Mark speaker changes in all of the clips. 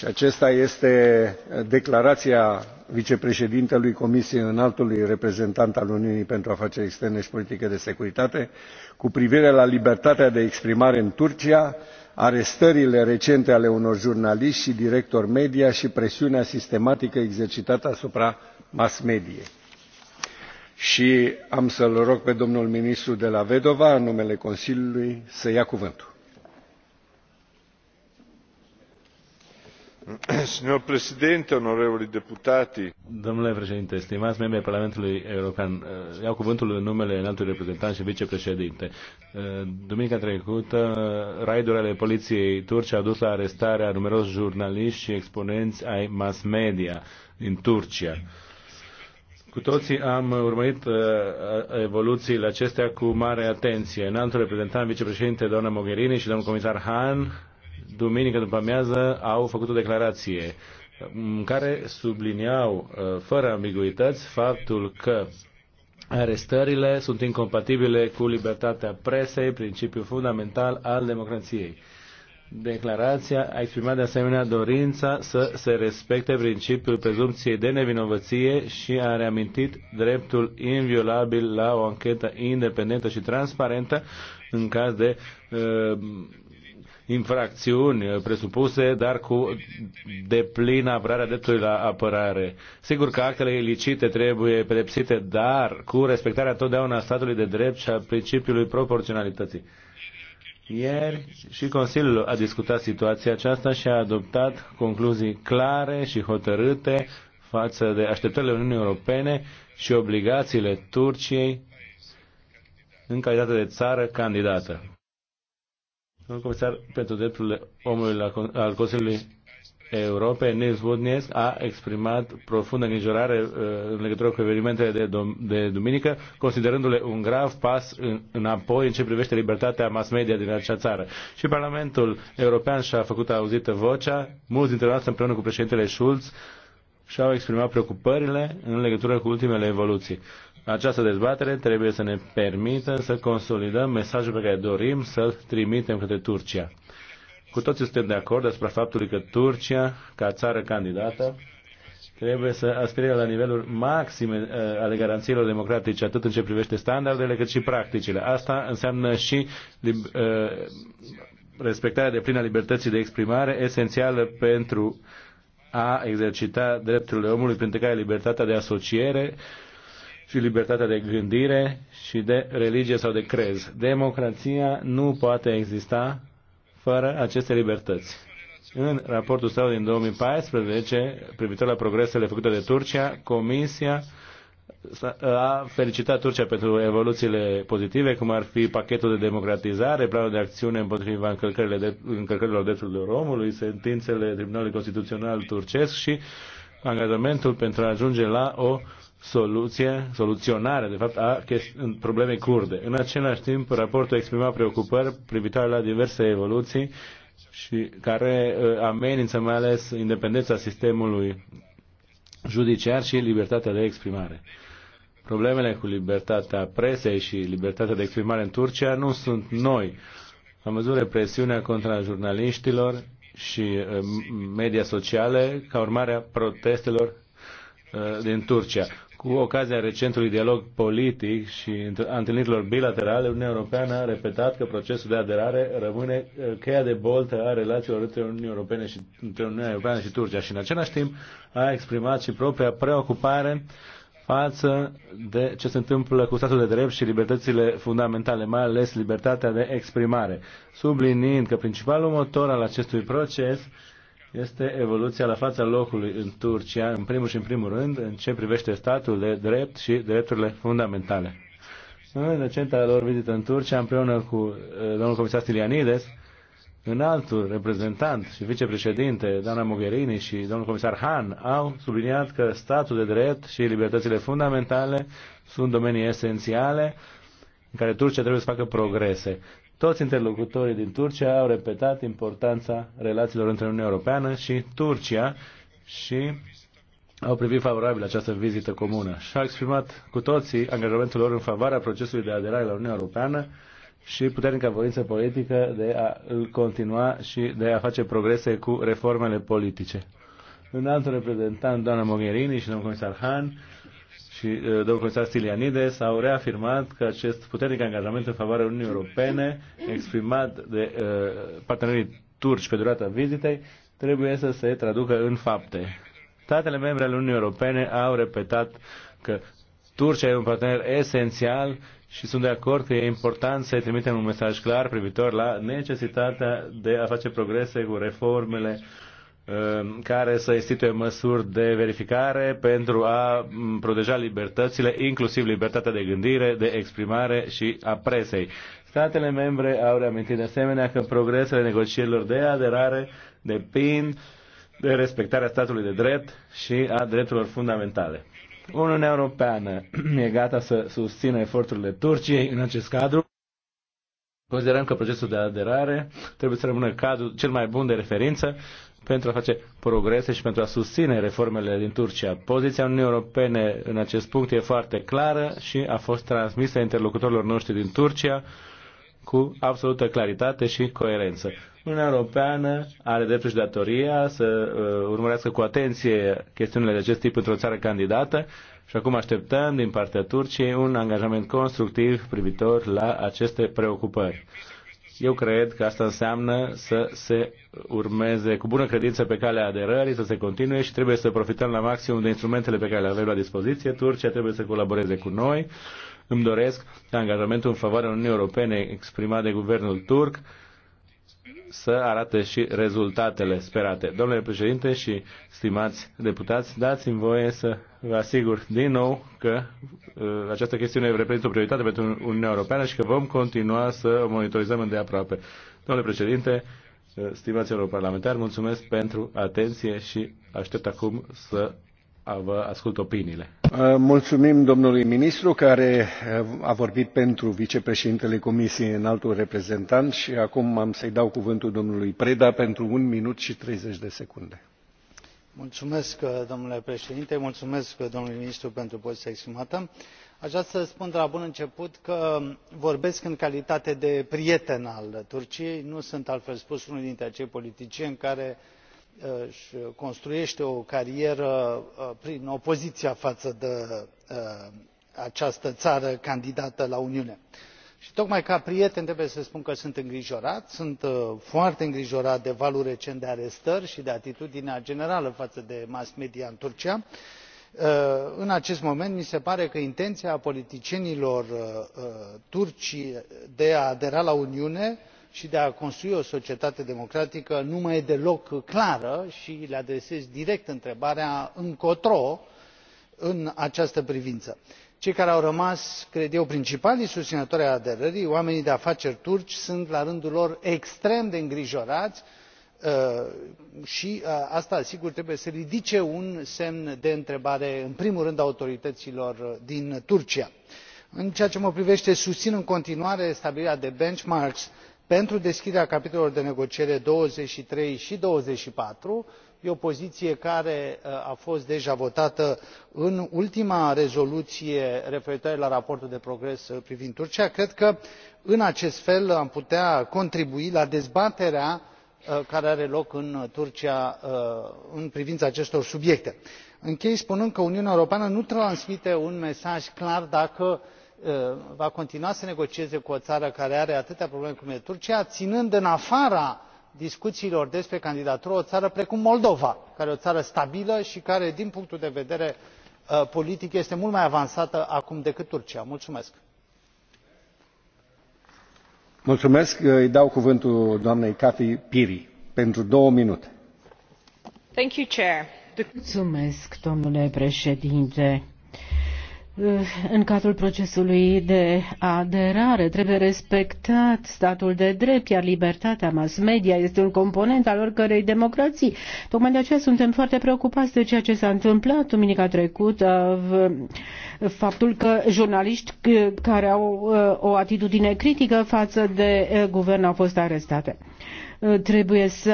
Speaker 1: și aceasta este declarația vicepreședintelui comisiei înaltului reprezentant al uniunii pentru afaceri externe și politică de securitate cu privire la libertatea de exprimare în turcia arestările recente ale unor jurnaliști și directori media și presiunea sistematică exercitată asupra mass mediei. și am să l rog pe domnul ministru della vedova în numele consiliului să ia cuvântul.
Speaker 2: Signor Presidente, onorevoli deputati. Domnule președinte, stimați membri ai Parlamentului European, eh, iau cuvântul în numele înaltului reprezentant și vicepreședinte. Eh, duminica trecută, raidurile poliției turce au dus la arestarea numeroși jurnaliști și exponenți ai mass media din Turcia. Cu toții am urmărit uh, evoluțiile acestea cu mare atenție. Înaltul reprezentant, vicepreședinte, doamna Mogherini și domnul comisar Han duminică după amiază au făcut o declarație în care subliniau uh, fără ambiguități faptul că arestările sunt incompatibile cu libertatea presei, principiu fundamental al democrației. Declarația a exprimat de asemenea dorința să se respecte principiul prezumției de nevinovăție și a reamintit dreptul inviolabil la o anchetă independentă și transparentă în caz de uh, infracțiuni uh, presupuse, dar cu deplină apărarea dreptului la apărare. Sigur că actele ilicite trebuie pedepsite, dar cu respectarea totdeauna a statului de drept și a principiului proporționalității. Ieri și Consiliul a discutat situația aceasta și a adoptat concluzii clare și hotărâte față de așteptările Uniunii Europene și obligațiile Turciei în calitate de țară candidată. Domnul comisar pentru drepturile omului al Consiliului Europei, Nils Budnies, a exprimat profundă îngrijorare uh, în legătură cu evenimentele de, dom- de duminică, considerându-le un grav pas în, înapoi în ce privește libertatea mass media din acea țară. Și Parlamentul European și-a făcut auzită vocea, mulți dintre noastre împreună cu președintele Schulz și-au exprimat preocupările în legătură cu ultimele evoluții această dezbatere trebuie să ne permită să consolidăm mesajul pe care dorim să-l trimitem către Turcia. Cu toții suntem de acord despre faptul că Turcia, ca țară candidată, trebuie să aspire la niveluri maxime eh, ale garanțiilor democratice, atât în ce privește standardele, cât și practicile. Asta înseamnă și eh, respectarea de plină libertății de exprimare, esențială pentru a exercita drepturile omului, printre care libertatea de asociere, și libertatea de gândire și de religie sau de crez. Democrația nu poate exista fără aceste libertăți. În raportul său din 2014, privitor la progresele făcute de Turcia, Comisia a felicitat Turcia pentru evoluțiile pozitive, cum ar fi pachetul de democratizare, planul de acțiune împotriva încălcărilor, de, drepturilor omului, sentințele Tribunalului Constituțional turcesc și angajamentul pentru a ajunge la o uh, soluție, soluționare, de fapt, a problemei curde. În același timp, raportul exprima preocupări privitoare la diverse evoluții și care uh, amenință mai ales independența sistemului judiciar și libertatea de exprimare. Problemele cu libertatea presei și libertatea de exprimare în Turcia nu sunt noi. Am văzut represiunea contra jurnaliștilor și uh, media sociale ca urmare a protestelor uh, din Turcia. Cu ocazia recentului dialog politic și a întâlnirilor bilaterale, Uniunea Europeană a repetat că procesul de aderare rămâne uh, cheia de boltă a relațiilor între Uniunea Europeană și, între Uniunea Europeană și Turcia și în același timp a exprimat și propria preocupare față de ce se întâmplă cu statul de drept și libertățile fundamentale, mai ales libertatea de exprimare, subliniind că principalul motor al acestui proces este evoluția la fața locului în Turcia, în primul și în primul rând, în ce privește statul de drept și drepturile fundamentale. În recenta lor vizită în Turcia, împreună cu eh, domnul comisar Stilianides, în altul reprezentant și vicepreședinte, doamna Mogherini și domnul comisar Han, au subliniat că statul de drept și libertățile fundamentale sunt domenii esențiale în care Turcia trebuie să facă progrese. Toți interlocutorii din Turcia au repetat importanța relațiilor între Uniunea Europeană și Turcia și au privit favorabil această vizită comună și au exprimat cu toții angajamentul lor în favoarea procesului de aderare la Uniunea Europeană și puternica voință politică de a îl continua și de a face progrese cu reformele politice. În altul reprezentant, doamna Mogherini și domnul comisar Han, și domnul comisar Stilianides au reafirmat că acest puternic angajament în favoarea Uniunii Europene, exprimat de uh, partenerii turci pe durata vizitei, trebuie să se traducă în fapte. Statele membre ale Uniunii Europene au repetat că Turcia e un partener esențial și sunt de acord că e important să trimitem un mesaj clar privitor la necesitatea de a face progrese cu reformele uh, Um, care să instituie măsuri de verificare pentru a proteja libertățile, inclusiv libertatea de gândire, de exprimare și a presei. Statele membre au reamintit de asemenea că progresele negocierilor de aderare depind de respectarea statului de drept și a drepturilor fundamentale. Uniunea Europeană e gata să susțină eforturile Turciei în acest cadru. Considerăm că procesul de aderare trebuie să rămână cadrul cel mai bun de referință pentru a face progrese și pentru a susține reformele din Turcia. Poziția Uniunii Europene în acest punct e foarte clară și a fost transmisă interlocutorilor noștri din Turcia cu absolută claritate și coerență. Uniunea Europeană are dreptul și datoria să uh, urmărească cu atenție chestiunile de acest tip într-o țară candidată și acum așteptăm din partea Turciei un angajament constructiv privitor la aceste preocupări. Eu cred că asta înseamnă să se urmeze cu bună credință pe calea aderării, să se continue și trebuie să profităm la maxim de instrumentele pe care le avem la dispoziție. Turcia trebuie să colaboreze cu noi. Îmi doresc angajamentul în favoarea Uniunii Europene exprimat de guvernul turc să arate și rezultatele sperate. Domnule președinte și stimați deputați, dați-mi voie să vă asigur din nou că uh, această chestiune reprezintă o prioritate pentru Uniunea Europeană și că vom continua să o monitorizăm îndeaproape. Domnule președinte, uh, Stimați europarlamentari, mulțumesc pentru atenție și aștept acum să vă ascult opiniile.
Speaker 1: Mulțumim domnului ministru care eh, a vorbit pentru vicepreședintele Comisiei în altul reprezentant și acum am să-i dau cuvântul domnului Preda pentru un minut și 30 de secunde.
Speaker 3: Mulțumesc, eh, domnule președinte, mulțumesc eh, domnului ministru pentru poziția exprimată. Aș vrea să spun de la bun început că vorbesc în calitate de prieten al Turciei, nu sunt altfel spus unul dintre acei politicieni care își construiește o carieră uh, prin opoziția față de uh, această țară candidată la uniune. și tocmai ca prieten trebuie să spun că sunt îngrijorat sunt uh, foarte îngrijorat de valul recent de arestări și de atitudinea generală față de mass media în turcia. în acest moment mi se pare că intenția politicienilor turci de a adera la uniune și de a construi o societate democratică nu mai e deloc clară și le adresez direct întrebarea încotro în această privință. cei care au rămas cred eu principalii susținători ai aderării oamenii de afaceri turci sunt la rândul lor extrem de îngrijorați uh, și uh, asta sigur trebuie să ridice un semn de întrebare în primul rând autorităților din turcia. în ceea ce mă privește susțin în continuare stabilirea de benchmarks pentru deschiderea capitolelor de negociere douăzeci și trei și douăzeci și patru e o poziție care uh, a fost deja votată în ultima rezoluție referitoare la raportul de progres uh, privind turcia. cred că în acest fel am putea contribui la dezbaterea uh, care are loc în turcia în privința acestor subiecte. închei spunând că uniunea europeană nu transmite un mesaj clar dacă Uh, va continua să negocieze cu o țară care are atâtea probleme cum e turcia ținând în afara discuțiilor despre candidatură o țară precum moldova care e o țară stabilă și care din punctul de vedere uh, politic este mult mai avansată acum decât turcia. mulțumesc.
Speaker 1: mulțumesc. îi dau cuvântul doamnei kati piri pentru două minute.
Speaker 4: Mulțumesc, domnule președinte Eh, în cadrul procesului de aderare. Trebuie respectat statul de drept, iar libertatea mass media este un component al oricărei democrații. Tocmai de aceea suntem foarte preocupați de ceea ce s-a întâmplat duminica trecută, faptul că jurnaliști care au eh, o atitudine critică față de eh, guvern au fost arestate. Eh, trebuie să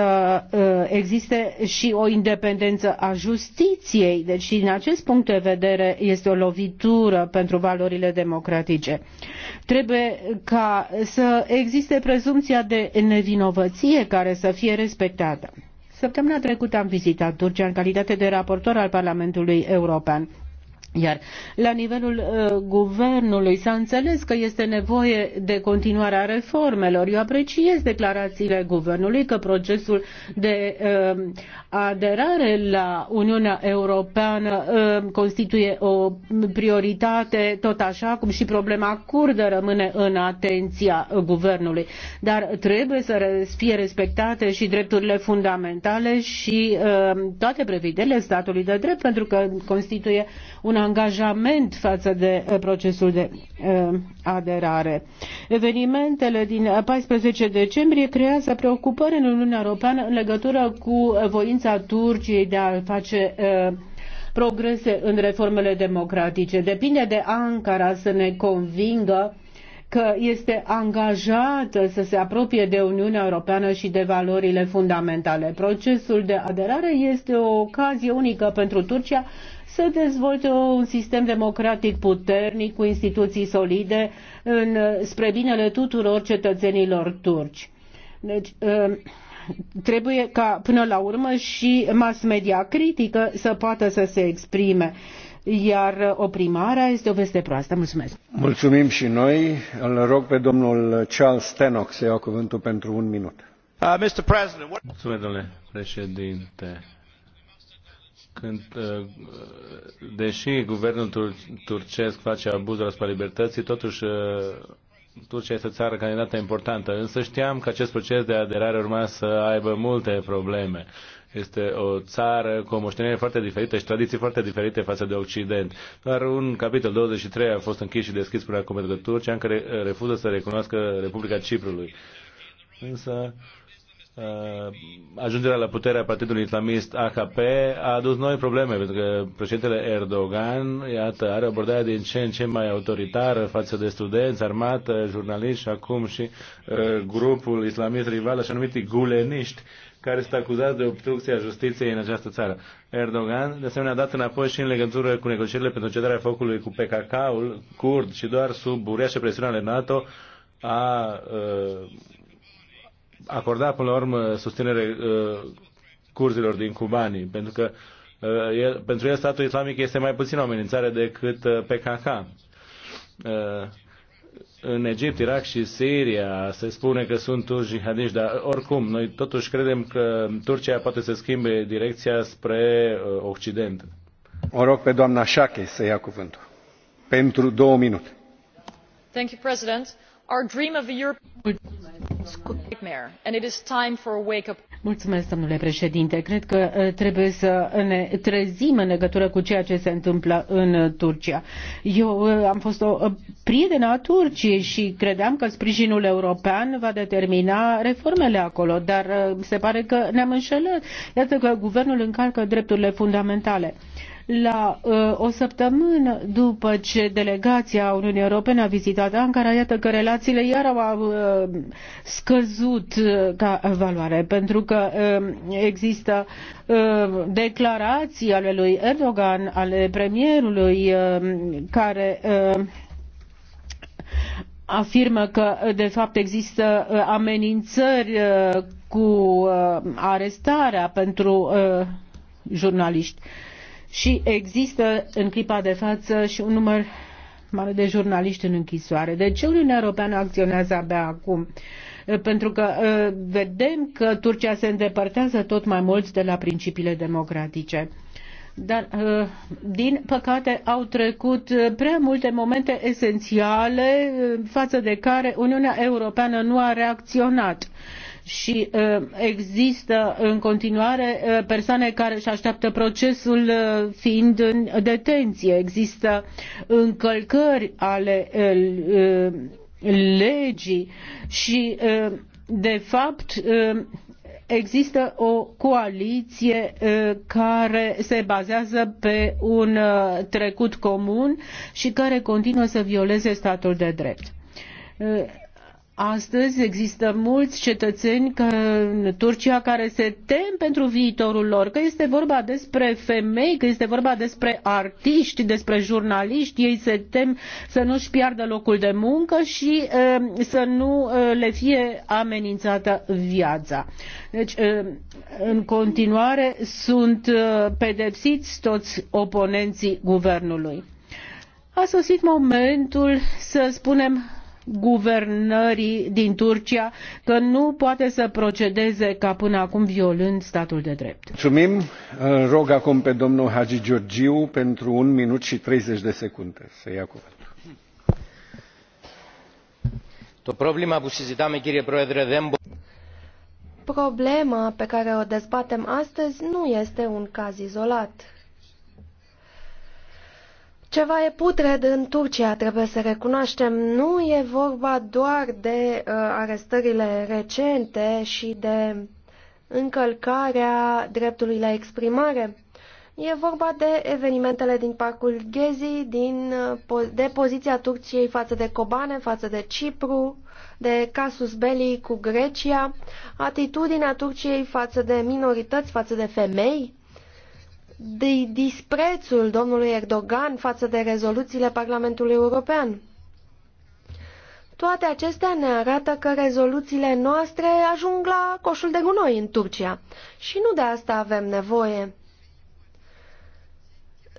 Speaker 4: eh, existe și o independență a justiției. Deci, din acest punct de vedere, este o lovitură pentru valorile democratice. Trebuie ca să existe prezumția de nevinovăție care să fie respectată. Săptămâna trecută am vizitat Turcia în calitate de raportor al Parlamentului European. Iar la nivelul uh, guvernului s-a înțeles că este nevoie de continuarea reformelor. Eu apreciez declarațiile guvernului că procesul de uh, aderare la Uniunea Europeană uh, constituie o prioritate, tot așa cum și problema curdă rămâne în atenția guvernului. Dar trebuie să fie respectate și drepturile fundamentale și uh, toate prevederile statului de drept, pentru că constituie una angajament față de eh, procesul de eh, aderare. Evenimentele din 14 decembrie creează preocupări în Uniunea Europeană în legătură cu eh, voința Turciei de a face progrese în reformele democratice. Depinde de Ankara să ne convingă că este angajată să se apropie de Uniunea Europeană și de valorile fundamentale. Procesul de aderare este o ocazie unică pentru Turcia să dezvolte un sistem democratic puternic cu instituții solide în, spre binele tuturor cetățenilor turci. Deci, um, trebuie ca până la urmă și mass media critică să poată să se exprime iar oprimarea este o veste proastă. Mulțumesc.
Speaker 1: Mulțumim și noi. Îl rog pe domnul Charles Stenock să ia cuvântul pentru un minut.
Speaker 2: Uh, Mr. President, what... Mulțumesc, domnule președinte când, uh, deși guvernul tur turcesc face abuzul asupra libertății, totuși uh, Turcia este o țară candidată importantă, însă știam că acest proces de aderare urma să aibă multe probleme. Este o țară cu o moștenire foarte diferită și tradiții foarte diferite față de Occident. Doar un capitol 23 a fost închis și deschis până acum pentru Turcia, încă refuză să recunoască Republica Ciprului. Însă Uh, ajungerea la putere a partidului islamist AKP a adus noi probleme, pentru că președintele Erdogan, iată, are o abordare din ce în ce mai autoritară față de studenți, armată, jurnaliști și acum și uh, grupul islamist rival, așa numit guleniști, care sunt acuzați de obstrucția justiției în această țară. Erdogan, de asemenea, a dat înapoi și în legătură cu negocierile pentru cederea focului cu PKK-ul, curd și doar sub uriașe presiune ale NATO, a uh, acorda până la urmă susținere uh, curzilor din Cubanii, pentru că uh, el, pentru el statul islamic este mai puțin o amenințare decât uh, PKK. În Egipt, Irak și Siria se spune că sunt turci jihadiști, dar oricum, noi totuși credem că Turcia poate să schimbe direcția spre Occident.
Speaker 1: O rog pe doamna Șache să ia cuvântul.
Speaker 4: Pentru două minute.
Speaker 5: Thank you, President. Our dream of a
Speaker 4: Europe... Mulțumesc, Cred că uh, trebuie să ne trezim în legătură cu ceea ce se întâmplă în uh, Turcia. Eu uh, am fost o prietenă a Turciei și credeam că sprijinul european va determina reformele acolo, dar se pare că ne-am înșelat. Iată că guvernul încalcă drepturile fundamentale. La uh, o săptămână după ce delegația Uniunii Europene a vizitat Ankara, iată că relațiile iar au uh, scăzut uh, ca valoare, pentru că uh, există uh, declarații ale lui Erdogan, ale premierului, uh, care uh, afirmă că de fapt există uh, amenințări uh, cu uh, arestarea pentru jurnaliști și există în clipa de față și un număr mare de jurnaliști în închisoare. De deci ce Uniunea Europeană acționează abia acum? Pentru că uh, vedem că Turcia se îndepărtează tot mai mult de la principiile democratice. Dar, uh, din păcate, au trecut uh, prea multe momente esențiale față de care Uniunea Europeană nu a reacționat și uh, există în continuare uh, persoane care își așteaptă procesul uh, fiind în detenție. Există încălcări ale legii și de fapt există o coaliție care se bazează pe un trecut comun și care continuă să violeze statul de drept Astăzi există mulți cetățeni în Turcia care se tem pentru viitorul lor, că este vorba despre femei, că este vorba despre artiști, despre jurnaliști, ei se tem să nu-și piardă locul de muncă și eh, să nu eh, le fie amenințată viața. Deci, eh, în continuare, sunt pedepsiți toți oponenții guvernului. A sosit momentul să spunem guvernării din Turcia că nu poate să procedeze ca până acum violând statul de drept.
Speaker 1: Mulțumim. Rog acum pe domnul Hagi Georgiu pentru un minut și 30 de secunde
Speaker 2: să ia cuvântul.
Speaker 6: Problema pe care o dezbatem astăzi nu este un caz izolat. Ceva e putred în Turcia, trebuie să recunoaștem. Nu e vorba doar de uh, arestările recente și de încălcarea dreptului la exprimare. E vorba de evenimentele din parcul Gezi, din, uh, de poziția Turciei față de Kobane, față de Cipru, de casus belli cu Grecia, atitudinea Turciei față de minorități, față de femei de disprețul domnului Erdogan față de rezoluțiile Parlamentului European. Toate acestea ne arată că rezoluțiile noastre ajung la coșul de gunoi în Turcia și nu de asta avem nevoie.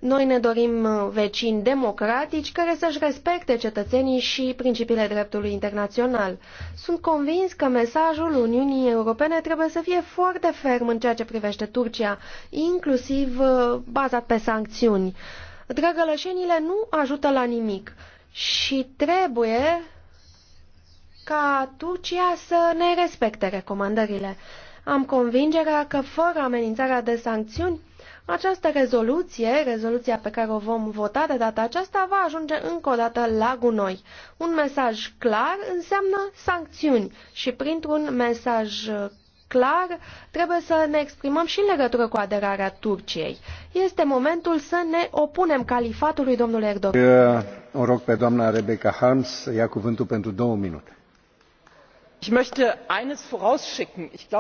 Speaker 6: Noi ne dorim uh, vecini democratici care să-și respecte cetățenii și principiile dreptului internațional. Sunt convins că mesajul Uniunii Europene trebuie să fie foarte ferm în ceea ce privește Turcia, inclusiv uh, bazat pe sancțiuni. Drăgălășenile nu ajută la nimic și trebuie ca Turcia să ne respecte recomandările. Am convingerea că fără amenințarea de sancțiuni, această rezoluție, rezoluția pe care o vom vota de data aceasta, va ajunge încă o dată la gunoi. Un mesaj clar înseamnă sancțiuni și printr-un mesaj clar trebuie să ne exprimăm și în legătură cu aderarea Turciei. Este momentul să ne opunem califatului domnului Erdogan. Eu
Speaker 1: uh, o rog pe doamna Rebecca Harms să ia cuvântul pentru două minute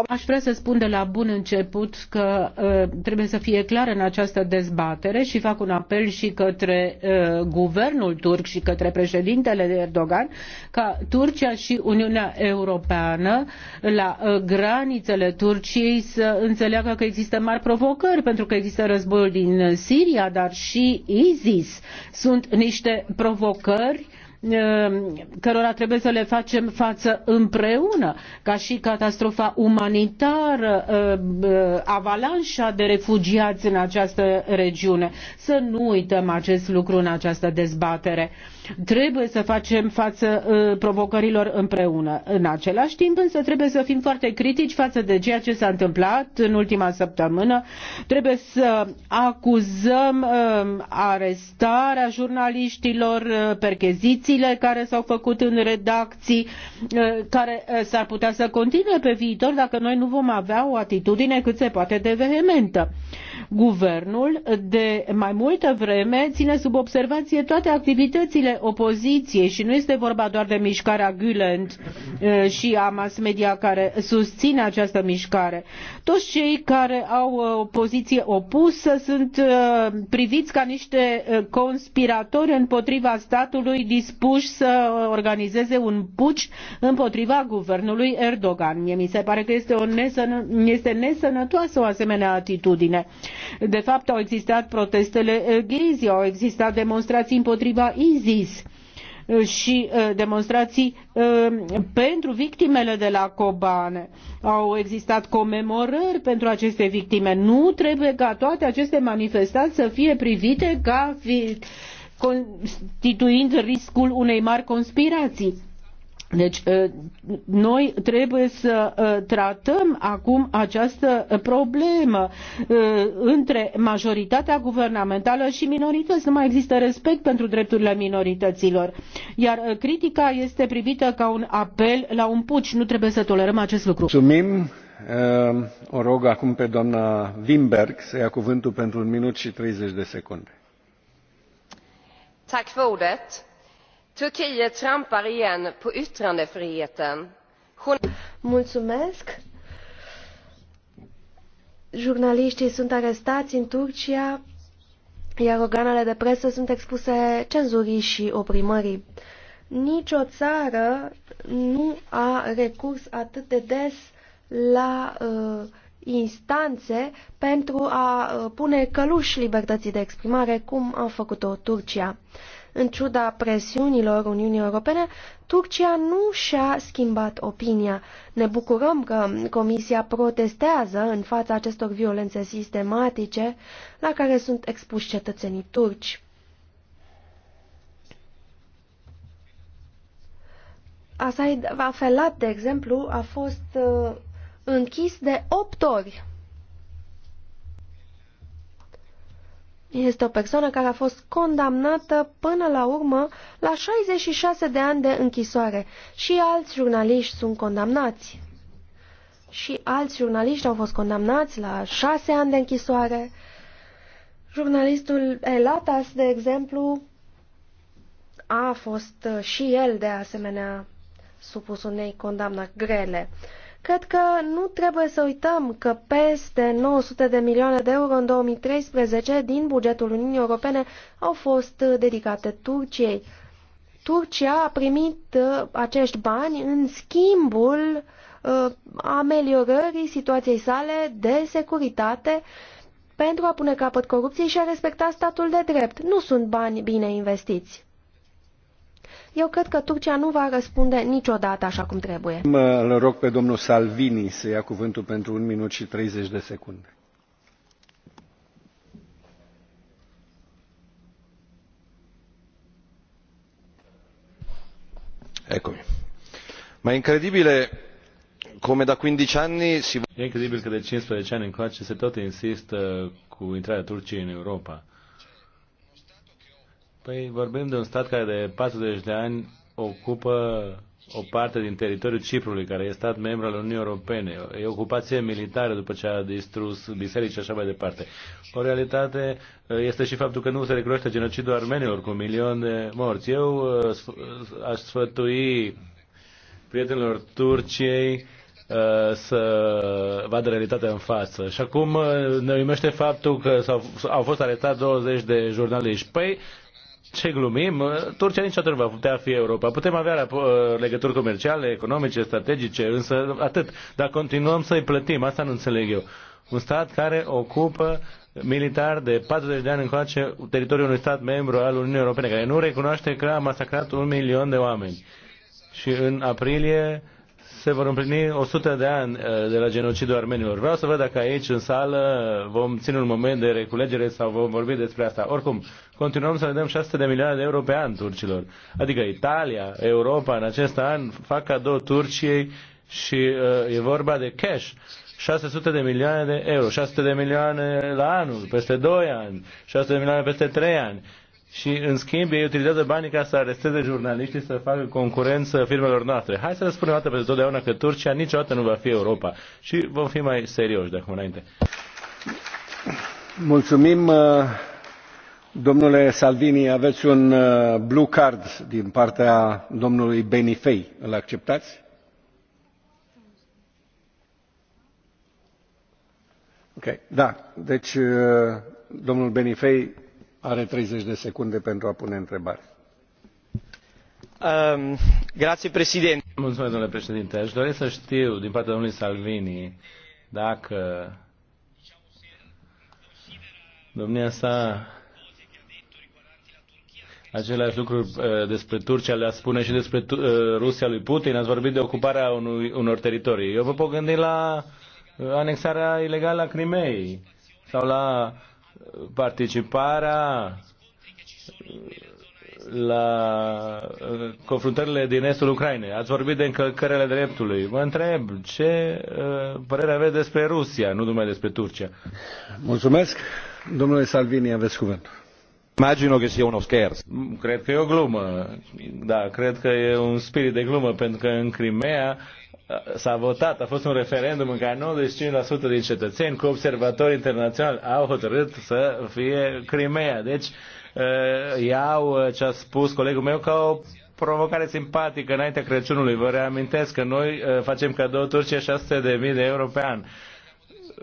Speaker 4: aș vrea să spun de la bun început că uh, trebuie să fie clar în această dezbatere și fac un apel și către uh, guvernul turc și către președintele Erdogan ca Turcia și Uniunea Europeană la uh, granițele Turciei să înțeleagă că există mari provocări pentru că există războiul din Siria, dar și ISIS sunt niște provocări Eh, cărora trebuie să le facem față împreună, ca și catastrofa umanitară, eh, eh, avalanșa de refugiați în această regiune. Să nu uităm acest lucru în această dezbatere. Trebuie să facem față uh, provocărilor împreună. În același timp însă trebuie să fim foarte critici față de ceea ce s-a întâmplat în ultima săptămână. Trebuie să acuzăm uh, arestarea jurnaliștilor, uh, perchezițiile care s-au făcut în redacții, care s-ar putea să continue pe viitor dacă noi nu vom avea o atitudine cât se poate de vehementă. Guvernul de mai multă vreme ține sub observație toate activitățile opoziției și nu este vorba doar de mișcarea Gülen eh, și a mass media care susține această mișcare. Toți cei care au eh, o poziție opusă sunt eh, priviți ca niște conspiratori împotriva statului dispuși să organizeze un puci împotriva guvernului Erdogan. Mie mi se pare că este, o nesănă, este nesănătoasă o asemenea atitudine. De fapt, au existat protestele eh, Gezi, au existat demonstrații împotriva ISIS eh, și eh, demonstrații pentru victimele de la Kobane. Au existat comemorări pentru aceste victime. Nu trebuie ca toate aceste manifestații să fie privite ca fi, constituind riscul unei mari conspirații. Deci, uh, noi trebuie să uh, tratăm acum această problemă uh, între majoritatea guvernamentală și minorități. Nu mai există respect pentru drepturile minorităților. Iar critica este privită ca un apel la un puci. Nu trebuie să tolerăm acest
Speaker 1: lucru. Mulțumim. O rog acum pe doamna Wimberg să ia cuvântul pentru un minut și 30 de secunde.
Speaker 6: Tack för ordet. Turkiet trampar igen på yttrandefriheten. Mulțumesc. Jurnaliștii sunt arestați în Turcia, iar organele de presă sunt expuse cenzurii și oprimării. Nicio țară nu a recurs atât de des la uh, instanțe pentru a uh, pune căluș libertății de exprimare, cum a făcut-o Turcia. În ciuda presiunilor Uniunii Europene, Turcia nu și-a schimbat opinia. Ne bucurăm că Comisia protestează în fața acestor violențe sistematice la care sunt expuși cetățenii turci. Asaid Rafelat, de exemplu, a fost uh, închis de opt ori Este o persoană care a fost condamnată până la urmă la 66 de ani de închisoare și alți jurnaliști sunt condamnați. Și alți jurnaliști au fost condamnați la 6 ani de închisoare. Jurnalistul Elatas, de exemplu, a fost și el de asemenea supus unei condamnări grele. Cred că nu trebuie să uităm că peste 900 de milioane de euro în 2013 din bugetul Uniunii Europene au fost dedicate Turciei. Turcia a primit uh, acești bani în schimbul uh, ameliorării situației sale de securitate pentru a pune capăt corupției și a respecta statul de drept. Nu sunt bani bine investiți. Eu cred că Turcia nu va răspunde niciodată așa cum trebuie.
Speaker 1: Îl rog pe domnul Salvini să ia cuvântul pentru un minut și 30 de secunde.
Speaker 2: Eccomi. Ma è incredibile come da 15 anni si... E incredibil că de 15 ani încoace se tot insistă cu intrarea Turciei în Europa Păi vorbim de un stat care de 40 de ani ocupă o parte din teritoriul Ciprului, care e stat membru al Uniunii Europene. E ocupație militară după ce a distrus biserici și așa mai departe. O realitate uh, este și faptul că nu se recunoaște genocidul armenilor cu un milion de morți. Eu uh, uh, aș sfătui prietenilor Turciei să vadă realitatea în față. Și acum ne uimește faptul că au fost arestați 20 de jurnaliști. Păi, ce glumim, uh, Turcia niciodată nu va putea fi Europa. Putem avea uh, legături comerciale, economice, strategice, însă atât. Dar continuăm să-i plătim, asta nu înțeleg eu. Un stat care ocupă militar de 40 de ani încoace teritoriul unui stat membru al Uniunii Europene, care nu recunoaște că a masacrat un milion de oameni. Și în aprilie se vor împlini 100 de ani eh, de la genocidul armenilor. Vreau să văd dacă aici, în sală, vom ține un moment de reculegere sau vom vorbi despre asta. Oricum, continuăm să le dăm 600 de milioane de euro pe an turcilor. Adică Italia, Europa, în acest an, fac cadou Turciei și uh, e vorba de cash. 600 de milioane de euro, 600 de milioane la anul, peste 2 ani, 600 de milioane peste 3 ani și, în schimb, ei utilizează banii ca să aresteze jurnaliștii, să facă concurență firmelor noastre. Hai să le spunem dată pentru totdeauna că Turcia niciodată nu va fi Europa. Și vom fi mai serioși de acum înainte.
Speaker 1: Mulțumim, uh, domnule Salvini. Aveți un uh, blue card din partea domnului Benifei. Îl acceptați? Ok, da. Deci, uh, domnul Benifei are de secunde pentru a pune um,
Speaker 2: Mulțumesc, domnule președinte. Aș dori să știu, din partea domnului Salvini, dacă domnia sa Aceleași lucruri uh, despre Turcia le-a spune și despre uh, Rusia lui Putin. Ați vorbit de ocuparea unor teritorii. Eu vă pot gândi la uh, anexarea ilegală a Crimeei sau la participarea la confruntările din estul Ucrainei. Ați vorbit de încălcările dreptului. Vă întreb, ce uh, părere aveți despre Rusia, nu numai despre Turcia? Mulțumesc. Domnule Salvini, aveți cuvântul. Imagino că sia uno scherzo. Mm, cred că e o glumă. Da, cred că e un spirit de glumă, pentru că în Crimea uh, s-a votat, a fost un referendum în care 95% din cetățeni cu observatori internaționali au hotărât să fie Crimea. Deci, uh, iau uh, ce a spus colegul meu ca o provocare simpatică înaintea Crăciunului. Vă reamintesc că noi facem cadou Turcia 600.000 de mii de euro pe an.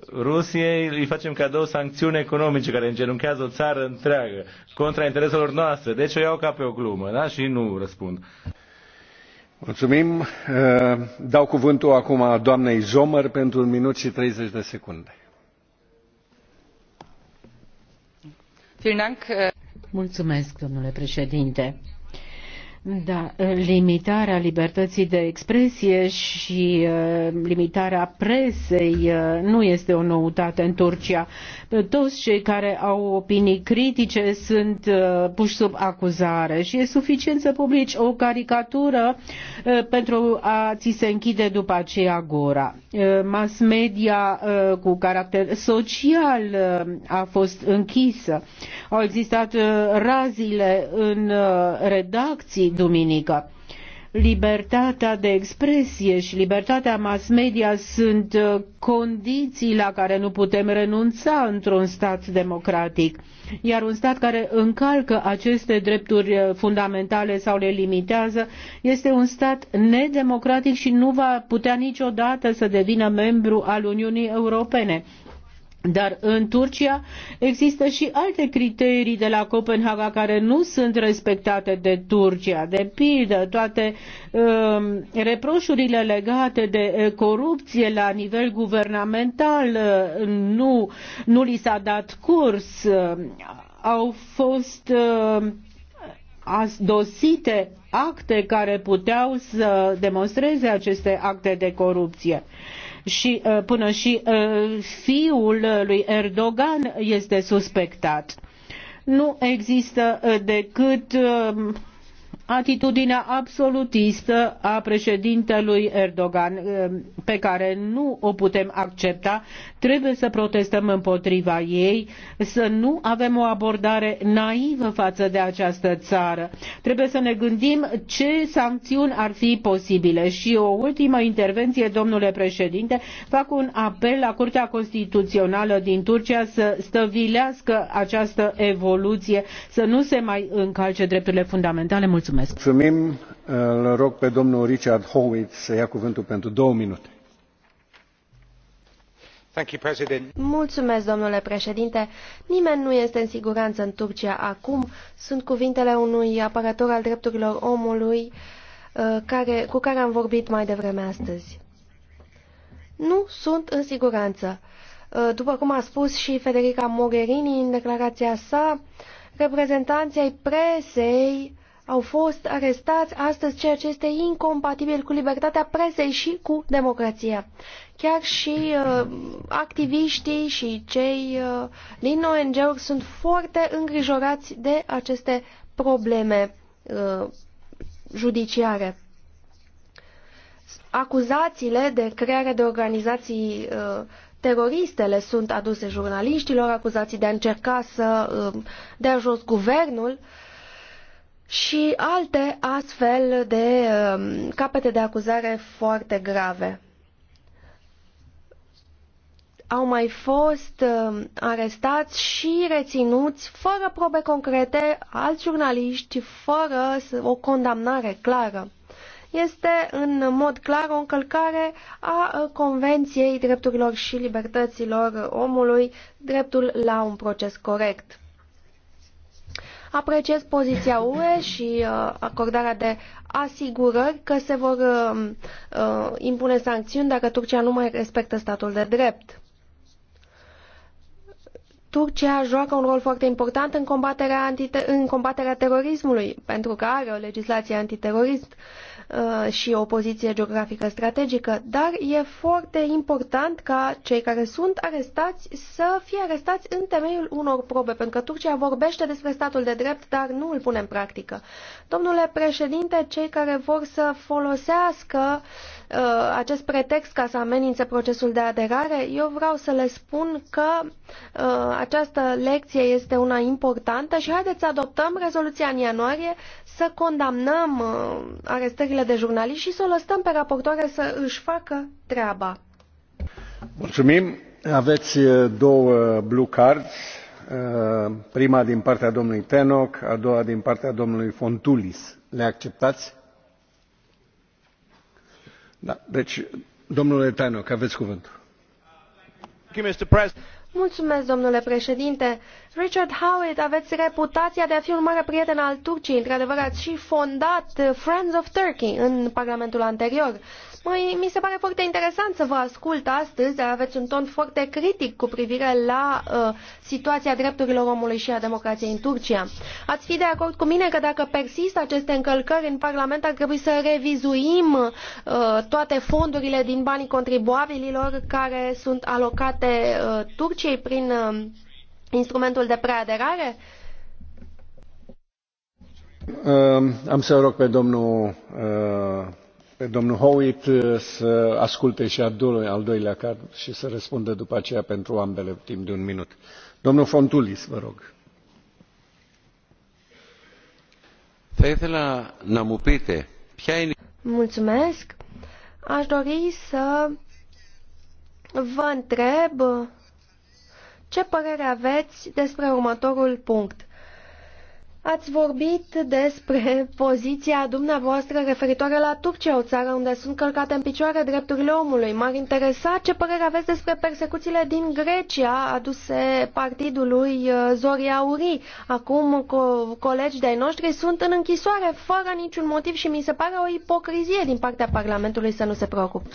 Speaker 2: Rusiei îi facem cadou sancțiuni economice care îngenunchează o țară întreagă contra intereselor noastre. Deci o iau ca pe o glumă, da? Și nu răspund.
Speaker 1: Mulțumim. Uh, dau cuvântul acum a doamnei Zomăr pentru un minut și 30 de secunde.
Speaker 4: Uh. Mulțumesc, domnule președinte. Da, limitarea libertății de expresie și uh, limitarea presei uh, nu este o noutate în Turcia. Toți cei care au opinii critice sunt uh, puși sub acuzare și e suficient să publici o caricatură pentru a ți se închide după aceea gura. Mass media cu caracter social a fost închisă. Au existat razile în redacții duminică. Libertatea de expresie și libertatea mass media sunt uh, condiții la care nu putem renunța într-un stat democratic. Iar un stat care încalcă aceste drepturi uh, fundamentale sau le limitează este un stat nedemocratic și nu va putea niciodată să devină membru al Uniunii Europene. Dar în Turcia există și alte criterii de la Copenhaga care nu sunt respectate de Turcia. De pildă, toate um, reproșurile legate de uh, corupție la nivel guvernamental uh, nu, nu li s-a dat curs. Uh, au fost uh, dosite acte care puteau să demonstreze aceste acte de corupție. Uh, și uh, până și uh, fiul lui Erdogan este suspectat. Nu există uh, decât um, atitudinea absolutistă a președintelui Erdogan, um, pe care nu o putem accepta Trebuie să protestăm împotriva ei, să nu avem o abordare naivă față de această țară. Trebuie să ne gândim ce sancțiuni ar fi posibile. Și o ultimă intervenție, domnule președinte, fac un apel la Curtea Constituțională din Turcia să stăvilească această evoluție, să nu se mai încalce drepturile fundamentale.
Speaker 1: Mulțumesc. Mulțumim. Îl rog pe domnul Richard Howitt să ia cuvântul pentru două minute.
Speaker 6: Mulțumesc, domnule președinte. Nimeni nu este în siguranță în Turcia acum. Sunt cuvintele unui apărător al drepturilor omului uh, care, cu care am vorbit mai devreme astăzi. Nu sunt în siguranță. Uh, după cum a spus și Federica Mogherini în declarația sa, reprezentanții presei au fost arestați astăzi, ceea ce este incompatibil cu libertatea presei și cu democrația. Chiar și uh, activiștii și cei uh, din ONG-uri sunt foarte îngrijorați de aceste probleme uh, judiciare. Acuzațiile de creare de organizații uh, teroristele sunt aduse jurnaliștilor, acuzații de a încerca să uh, dea jos guvernul uh, și alte astfel de um, capete de acuzare foarte grave. Au mai fost um, arestați și reținuți fără probe concrete alți jurnaliști, fără o condamnare clară. Este în mod clar o încălcare a uh, Convenției Drepturilor și Libertăților Omului, dreptul la un proces corect. Apreciez poziția UE și uh, acordarea de asigurări că se vor uh, uh, impune sancțiuni dacă Turcia nu mai respectă statul de drept. Turcia joacă un rol foarte important în combaterea, în combaterea terorismului, pentru că are o legislație antiterorist. Uh, Uh, și o poziție geografică strategică, dar e foarte important ca cei care sunt arestați să fie arestați în temeiul unor probe, pentru că Turcia vorbește despre statul de drept, dar nu îl pune în practică. Domnule președinte, cei care vor să folosească uh, acest pretext ca să amenințe procesul de aderare, eu vreau să le spun că uh, această lecție este una importantă și haideți să adoptăm rezoluția în ianuarie să condamnăm uh, arestările de jurnaliști și să o lăsăm pe raportoare să își facă treaba.
Speaker 1: Mulțumim. Aveți uh, două uh, blue cards. Prima din partea domnului Tenoc, a doua din partea domnului Fontulis. Le acceptați? Da. Deci, domnule Tenoc, aveți cuvântul.
Speaker 6: Mulțumesc, domnule președinte Richard Howitt, aveți reputația de a fi un mare prieten al Turciei. Într-adevăr, ați și fondat Friends of Turkey în Parlamentul anterior. Măi, mi se pare foarte interesant să vă ascult astăzi, dar aveți un ton foarte critic cu privire la uh, situația drepturilor omului și a democrației în Turcia. Ați fi de acord cu mine că dacă persistă aceste încălcări în Parlament, ar trebui să revizuim uh, toate fondurile din banii contribuabililor care sunt alocate uh, Turciei prin. Uh, instrumentul de preaderare?
Speaker 1: Uh, am să rog pe domnul, uh, pe domnul Howitt uh, să asculte și al doilea card și să răspundă după aceea pentru ambele timp de un minut. Domnul Fontulis, vă rog.
Speaker 6: Mulțumesc. Aș dori să vă întreb ce părere aveți despre următorul punct? Ați vorbit despre poziția dumneavoastră referitoare la Turcia, o țară unde sunt călcate în picioare drepturile omului. M-ar interesa ce părere aveți despre persecuțiile din Grecia aduse partidului uh, Zoria Uri. Acum co colegi de-ai noștri sunt în închisoare fără niciun motiv și mi se pare o ipocrizie din partea Parlamentului să nu se preocupe.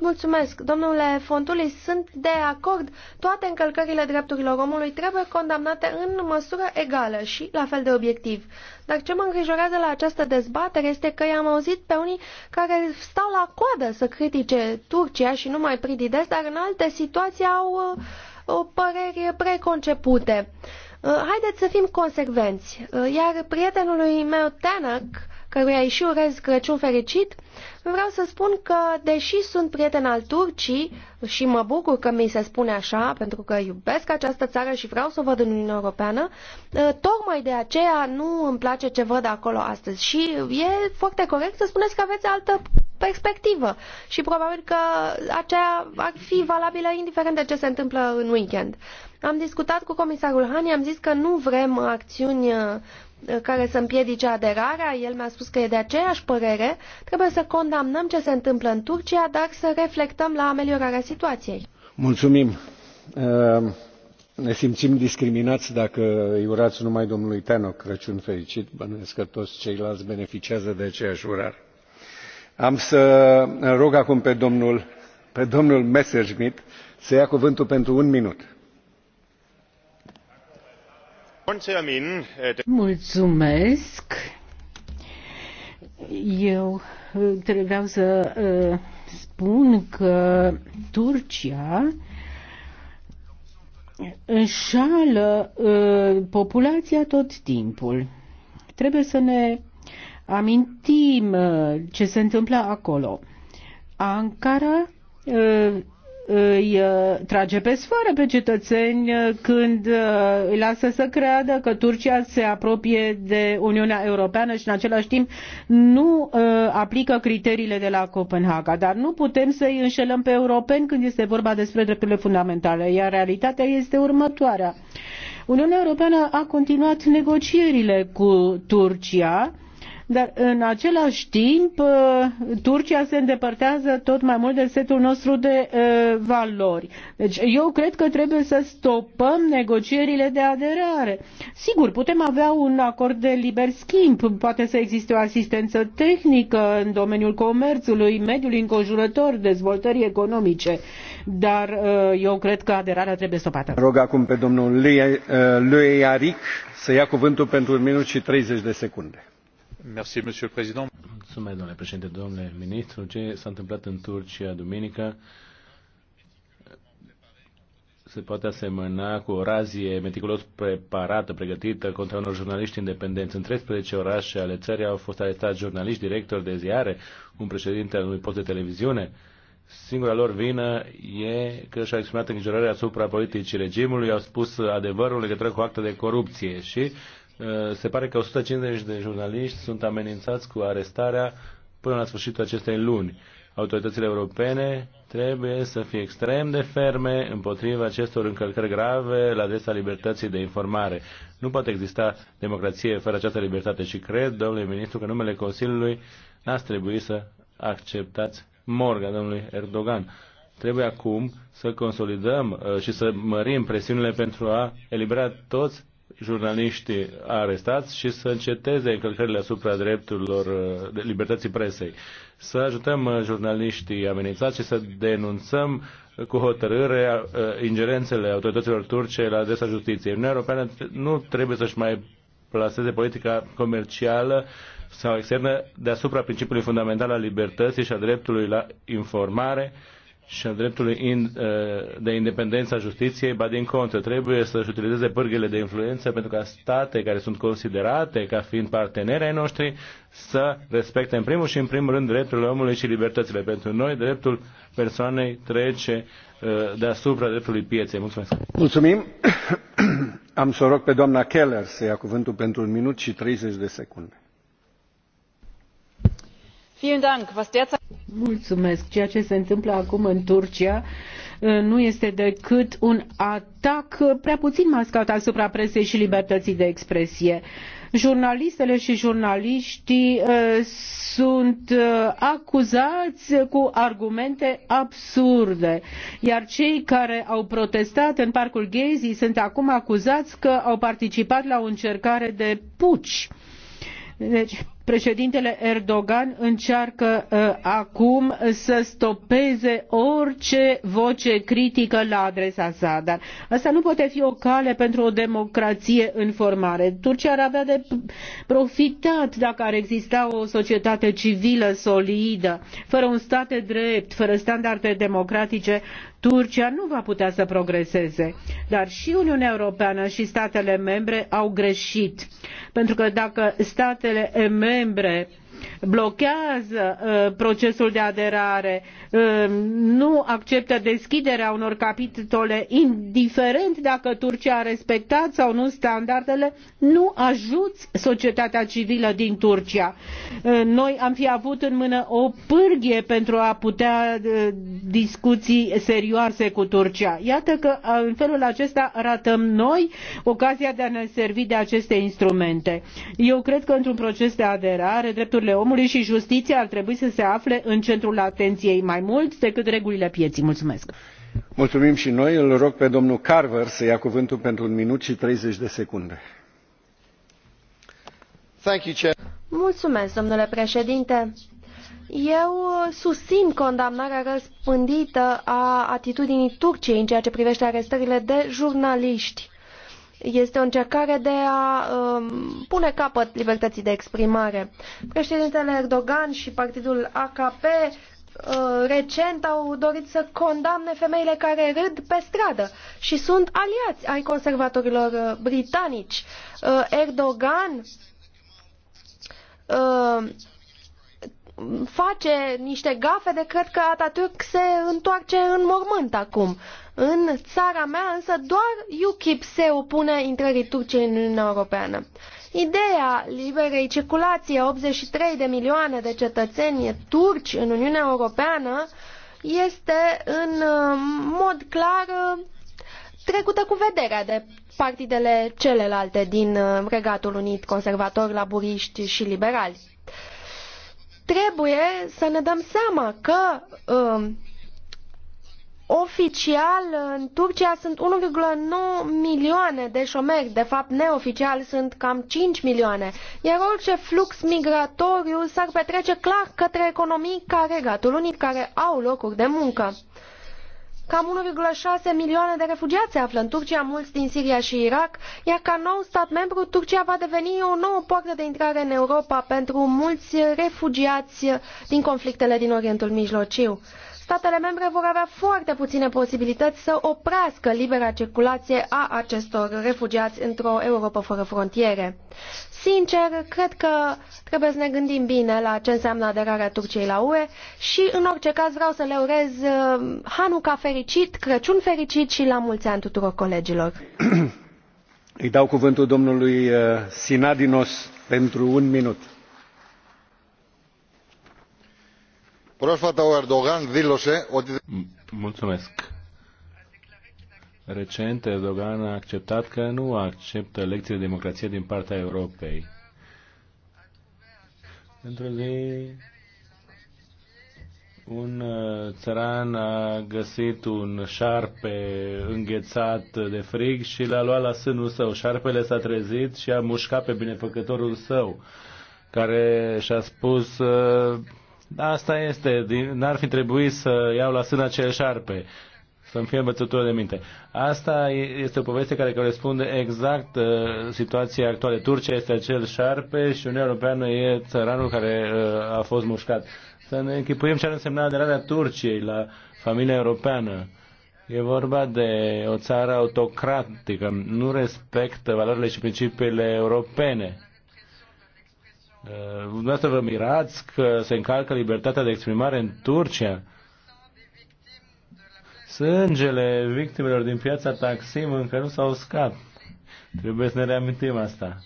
Speaker 6: Mulțumesc. Domnule Fontuli, sunt de acord. Toate încălcările drepturilor omului trebuie condamnate în măsură egală și la fel de obiectiv. Dar ce mă îngrijorează la această dezbatere este că i-am auzit pe unii care stau la coadă să critique Turcia și nu mai pridides, dar în alte situații au uh, o păreri preconcepute. Uh, haideți să fim consecvenți. Uh, iar prietenului meu, Tanak, căruia îi și urez Crăciun fericit, vreau să spun că, deși sunt prieten al Turcii și mă bucur că mi se spune așa, pentru că iubesc această țară și vreau să o văd în Uniunea Europeană, ă, tocmai de aceea nu îmi place ce văd acolo astăzi. Și e foarte corect să spuneți că aveți altă perspectivă și probabil că aceea ar fi valabilă indiferent de ce se întâmplă în weekend. Am discutat cu comisarul Hani, am zis că nu vrem acțiuni ă, care să împiedice aderarea, el mi-a spus că e de aceeași părere, trebuie să condamnăm ce se întâmplă în Turcia, dar să reflectăm la ameliorarea situației.
Speaker 1: Mulțumim. Ehm, ne simțim discriminați dacă îi urați numai domnului Tenoc Crăciun fericit, bănuiesc că toți ceilalți beneficiază de aceeași urare. Am să rog acum pe domnul, pe domnul Messerschmidt să ia cuvântul pentru un minut.
Speaker 4: Øh, Mulțumesc. Eu trebuia să uh, spun că Turcia înșală uh, populația tot timpul. Trebuie să ne amintim uh, ce se întâmplă acolo. Ankara îi uh, trage pe sfoară pe cetățeni uh, când uh, îi lasă să creadă că Turcia se apropie de Uniunea Europeană și în același timp nu aplică criteriile de la Copenhaga. Dar nu putem să îi înșelăm pe europeni când este vorba despre drepturile fundamentale, iar realitatea este următoarea. Uniunea Europeană a continuat negocierile cu Turcia dar în același timp, uh, Turcia se îndepărtează tot mai mult de setul nostru de uh, valori. Deci eu cred că trebuie să stopăm negocierile de aderare. Sigur, putem avea un acord de liber schimb, poate să existe o asistență tehnică în domeniul comerțului, mediului înconjurător, dezvoltării economice, dar uh, eu cred că aderarea trebuie stopată.
Speaker 1: Rog acum pe domnul Aric, să ia cuvântul pentru un minut și 30 de secunde.
Speaker 2: Monsieur le Président. Mulțumesc, domnule președinte, domnule ministru. Ce s-a întâmplat în Turcia duminică se poate asemăna cu o razie meticulos preparată, pregătită contra unor jurnaliști independenți. În 13 orașe ale țării au fost arestați jurnaliști, directori de ziare, un președinte al unui post de televiziune. Singura lor vină e că și-au exprimat îngrijorarea asupra politicii regimului, au spus adevărul în legătură cu acte de corupție și Eh, se pare că 150 de jurnaliști sunt amenințați cu arestarea până la sfârșitul acestei luni. Autoritățile europene trebuie să fie extrem de ferme împotriva acestor încălcări grave la adresa libertății de informare. Nu poate exista democrație fără această libertate și cred, domnule ministru, că numele Consiliului n-ați trebui să acceptați morga domnului Erdogan. Trebuie acum să consolidăm eh, și să mărim presiunile pentru a elibera toți jurnaliștii arestați și să înceteze încălcările asupra drepturilor uh, de libertății presei. Să ajutăm uh, jurnaliștii amenințați și să denunțăm uh, cu hotărâre ingerențele autorităților turce la adresa justiției. Uniunea Europeană nu trebuie să-și mai plaseze politica comercială sau externă deasupra principiului fundamental al libertății și a dreptului la informare și a dreptului uh, de independență a justiției, ba din contră, trebuie să-și utilizeze pârghile de influență pentru ca state care sunt considerate ca fiind parteneri ai noștri să respecte în primul și în primul rând drepturile omului și libertățile. Pentru noi, dreptul persoanei trece uh, deasupra dreptului pieței. Mulțumesc! Mulțumim! Am să rog pe
Speaker 1: doamna Keller să ia cuvântul pentru un minut și 30 de secunde.
Speaker 4: Mulțumesc. Ceea ce se întâmplă acum în Turcia uh, nu este decât un atac uh, prea puțin mascat asupra presei și libertății de expresie. Jurnalistele și jurnaliștii uh, sunt acuzați cu argumente absurde, iar cei care au protestat în parcul Gezi sunt acum acuzați că au participat la o încercare de puci deci, președintele Erdogan încearcă uh, acum să stopeze orice voce critică la adresa sa, dar asta nu poate fi o cale pentru o democrație în formare. Turcia ar avea de profitat dacă ar exista o societate civilă solidă, fără un stat de drept, fără standarde democratice Turcia nu va putea să progreseze. Dar și Uniunea Europeană și statele membre au greșit. Pentru că dacă statele membre blochează uh, procesul de aderare, uh, nu acceptă deschiderea unor capitole, indiferent dacă Turcia a respectat sau nu standardele, nu ajuți societatea civilă din Turcia. Uh, noi am fi avut în mână o pârghie pentru a putea discuții serioase cu Turcia. Iată că în felul acesta ratăm noi ocazia de a ne servi de aceste instrumente. Eu cred că într-un proces de aderare, drepturile omului și justiția ar trebui să se afle în centrul atenției mai mult decât regulile pieții. Mulțumesc!
Speaker 1: Mulțumim și noi. Îl rog pe domnul Carver să ia cuvântul pentru un minut și 30 de secunde.
Speaker 6: Mulțumesc, domnule președinte. Eu susțin condamnarea răspândită a atitudinii Turciei în ceea ce privește arestările de jurnaliști este o încercare de a um, pune capăt libertății de exprimare. Președintele Erdogan și partidul AKP uh, recent au dorit să condamne femeile care râd pe stradă și sunt aliați ai conservatorilor uh, britanici. Uh, Erdogan face niște gafe de cred că Atatürk se întoarce în mormânt acum. În țara mea însă doar UKIP se opune intrării Turciei în Uniunea Europeană. Ideea liberei circulații a 83 de milioane de cetățeni turci în Uniunea Europeană este în uh, mod clar uh, trecută cu vederea de partidele celelalte din uh, Regatul Unit, conservatori, laburiști și liberali. Trebuie să ne dăm seama că uh, Oficial, în Turcia sunt 1,9 milioane de șomeri, de fapt neoficial sunt cam 5 milioane, iar orice flux migratoriu s-ar petrece clar către economii ca Regatul Unit, care au locuri de muncă. Cam 1,6 milioane de refugiați se află în Turcia, mulți din Siria și Irak, iar ca nou stat membru, Turcia va deveni o nouă poartă de intrare în Europa pentru mulți refugiați din conflictele din Orientul Mijlociu statele membre vor avea foarte puține posibilități să oprească libera circulație a acestor refugiați într-o Europa fără frontiere. Sincer, cred că trebuie să ne gândim bine la ce înseamnă aderarea Turciei la UE și, în orice caz, vreau să le urez uh, Hanuca fericit, Crăciun fericit și la mulți ani tuturor colegilor.
Speaker 1: Îi dau cuvântul domnului uh, Sinadinos pentru un minut.
Speaker 5: Πρόσφατα ο Ερντογάν
Speaker 2: Mulțumesc. Recent, Erdogan a acceptat că nu acceptă lecții de democrație din partea Europei. Într-o zi, un uh, țăran a găsit un șarpe înghețat de frig și l-a luat la sânul său. Șarpele s-a trezit și a mușcat pe binefăcătorul său, care și-a spus uh, da, asta este, n-ar fi trebuit să iau la sână cel șarpe, să-mi fie învățătură de minte. Asta este o poveste care corespunde exact uh, situației actuale. Turcia este acel șarpe și Uniunea Europeană e țăranul care uh, a fost mușcat. Să ne închipuim ce ar însemna aderarea Turciei la familia europeană. E vorba de o țară autocratică, nu respectă valorile și principiile europene Eh, dumneavoastră vă mirați că se încalcă libertatea de exprimare în Turcia. Sângele victimelor din piața Taksim încă nu s-au uscat. Trebuie să ne reamintim asta.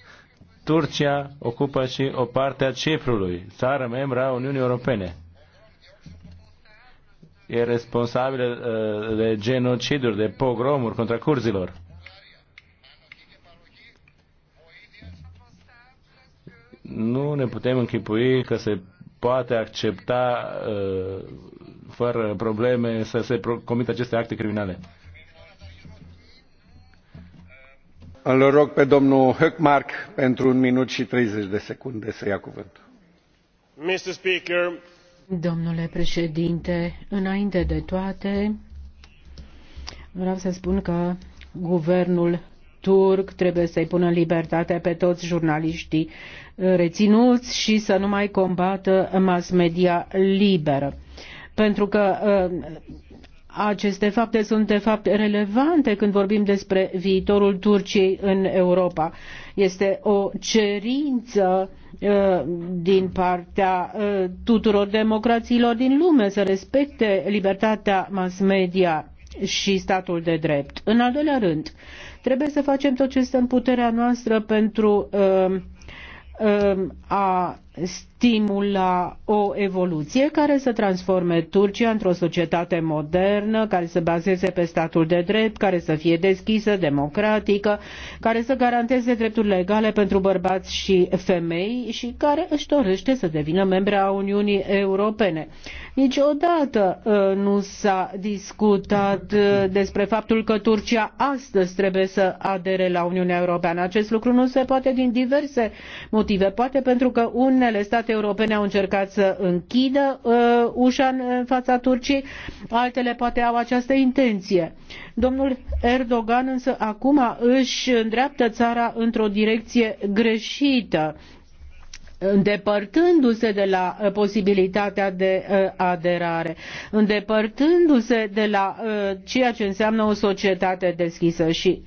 Speaker 2: Turcia ocupă și o parte a Ciprului, țară membra a Uniunii Europene. E responsabilă eh, de genociduri, de pogromuri contra curzilor. nu ne putem închipui că se poate accepta uh, fără probleme să se comită aceste acte criminale.
Speaker 1: Îl rog pe domnul Höckmark pentru un minut și 30 de secunde să ia cuvântul. Mr. Speaker.
Speaker 4: Domnule președinte, înainte de toate, vreau să spun că guvernul turc, trebuie să-i pună în libertate pe toți jurnaliștii reținuți și să nu mai combată mass media liberă. Pentru că uh, aceste fapte sunt de fapt relevante când vorbim despre viitorul Turciei în Europa. Este o cerință uh, din partea uh, tuturor democrațiilor din lume să respecte libertatea mass media și statul de drept. În al doilea rând, trebuie să facem tot ce este în puterea noastră pentru uh, uh, a stimula o evoluție care să transforme Turcia într-o societate modernă, care să bazeze pe statul de drept, care să fie deschisă, democratică, care să garanteze drepturile egale pentru bărbați și femei și care își dorește să devină membre a Uniunii Europene. Niciodată uh, nu s-a discutat uh, despre faptul că Turcia astăzi trebuie să adere la Uniunea Europeană. Acest lucru nu se poate din diverse motive. Poate pentru că un unele state europene au încercat să închidă uh, ușa în fața Turciei, altele poate au această intenție. Domnul Erdogan însă acum își îndreaptă țara într-o direcție greșită îndepărtându-se de la uh, posibilitatea de uh, aderare, îndepărtându-se de la uh, ceea ce înseamnă o societate deschisă și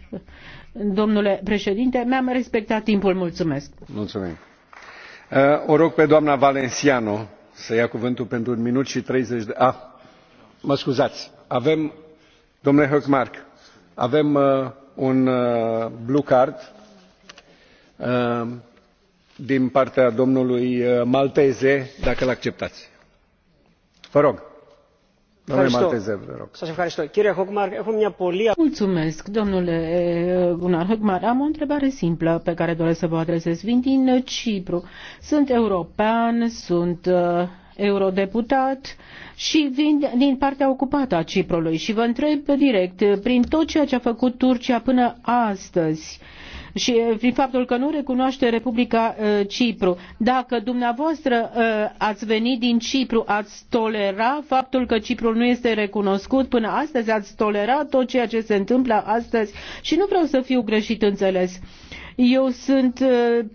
Speaker 4: Domnule președinte, mi-am respectat timpul, mulțumesc.
Speaker 1: Uh, o rog pe doamna valenciano să ia cuvântul pentru un minut și treizeci de ah, mă scuzați avem domnule hkmark avem uh, un uh, blue card din partea domnului maltese dacă l acceptați. vă rog.
Speaker 4: Mulțumesc, domnule Gunnar Hökmark. Am o întrebare simplă pe care doresc să vă adresez. Vin din Cipru. Sunt european, sunt uh, eurodeputat și vin din partea ocupată a Ciprului și vă întreb direct, prin tot ceea ce a făcut Turcia până astăzi, uh, și prin faptul că nu recunoaște Republica Cipru. Dacă dumneavoastră ați venit din Cipru, ați tolera faptul că Ciprul nu este recunoscut până astăzi, ați tolera tot ceea ce se întâmplă astăzi și nu vreau să fiu greșit înțeles. Eu sunt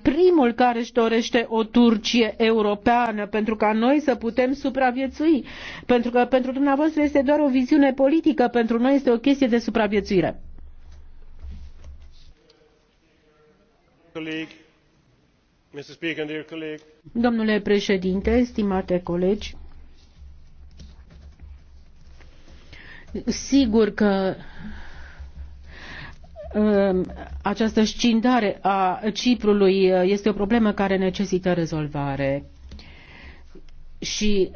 Speaker 4: primul care își dorește o Turcie europeană pentru ca noi să putem supraviețui. Pentru că pentru dumneavoastră este doar o viziune politică, pentru noi este o chestie de supraviețuire. Domnule președinte, stimate colegi, sigur că um, această scindare a Ciprului uh, este o problemă care necesită rezolvare. Și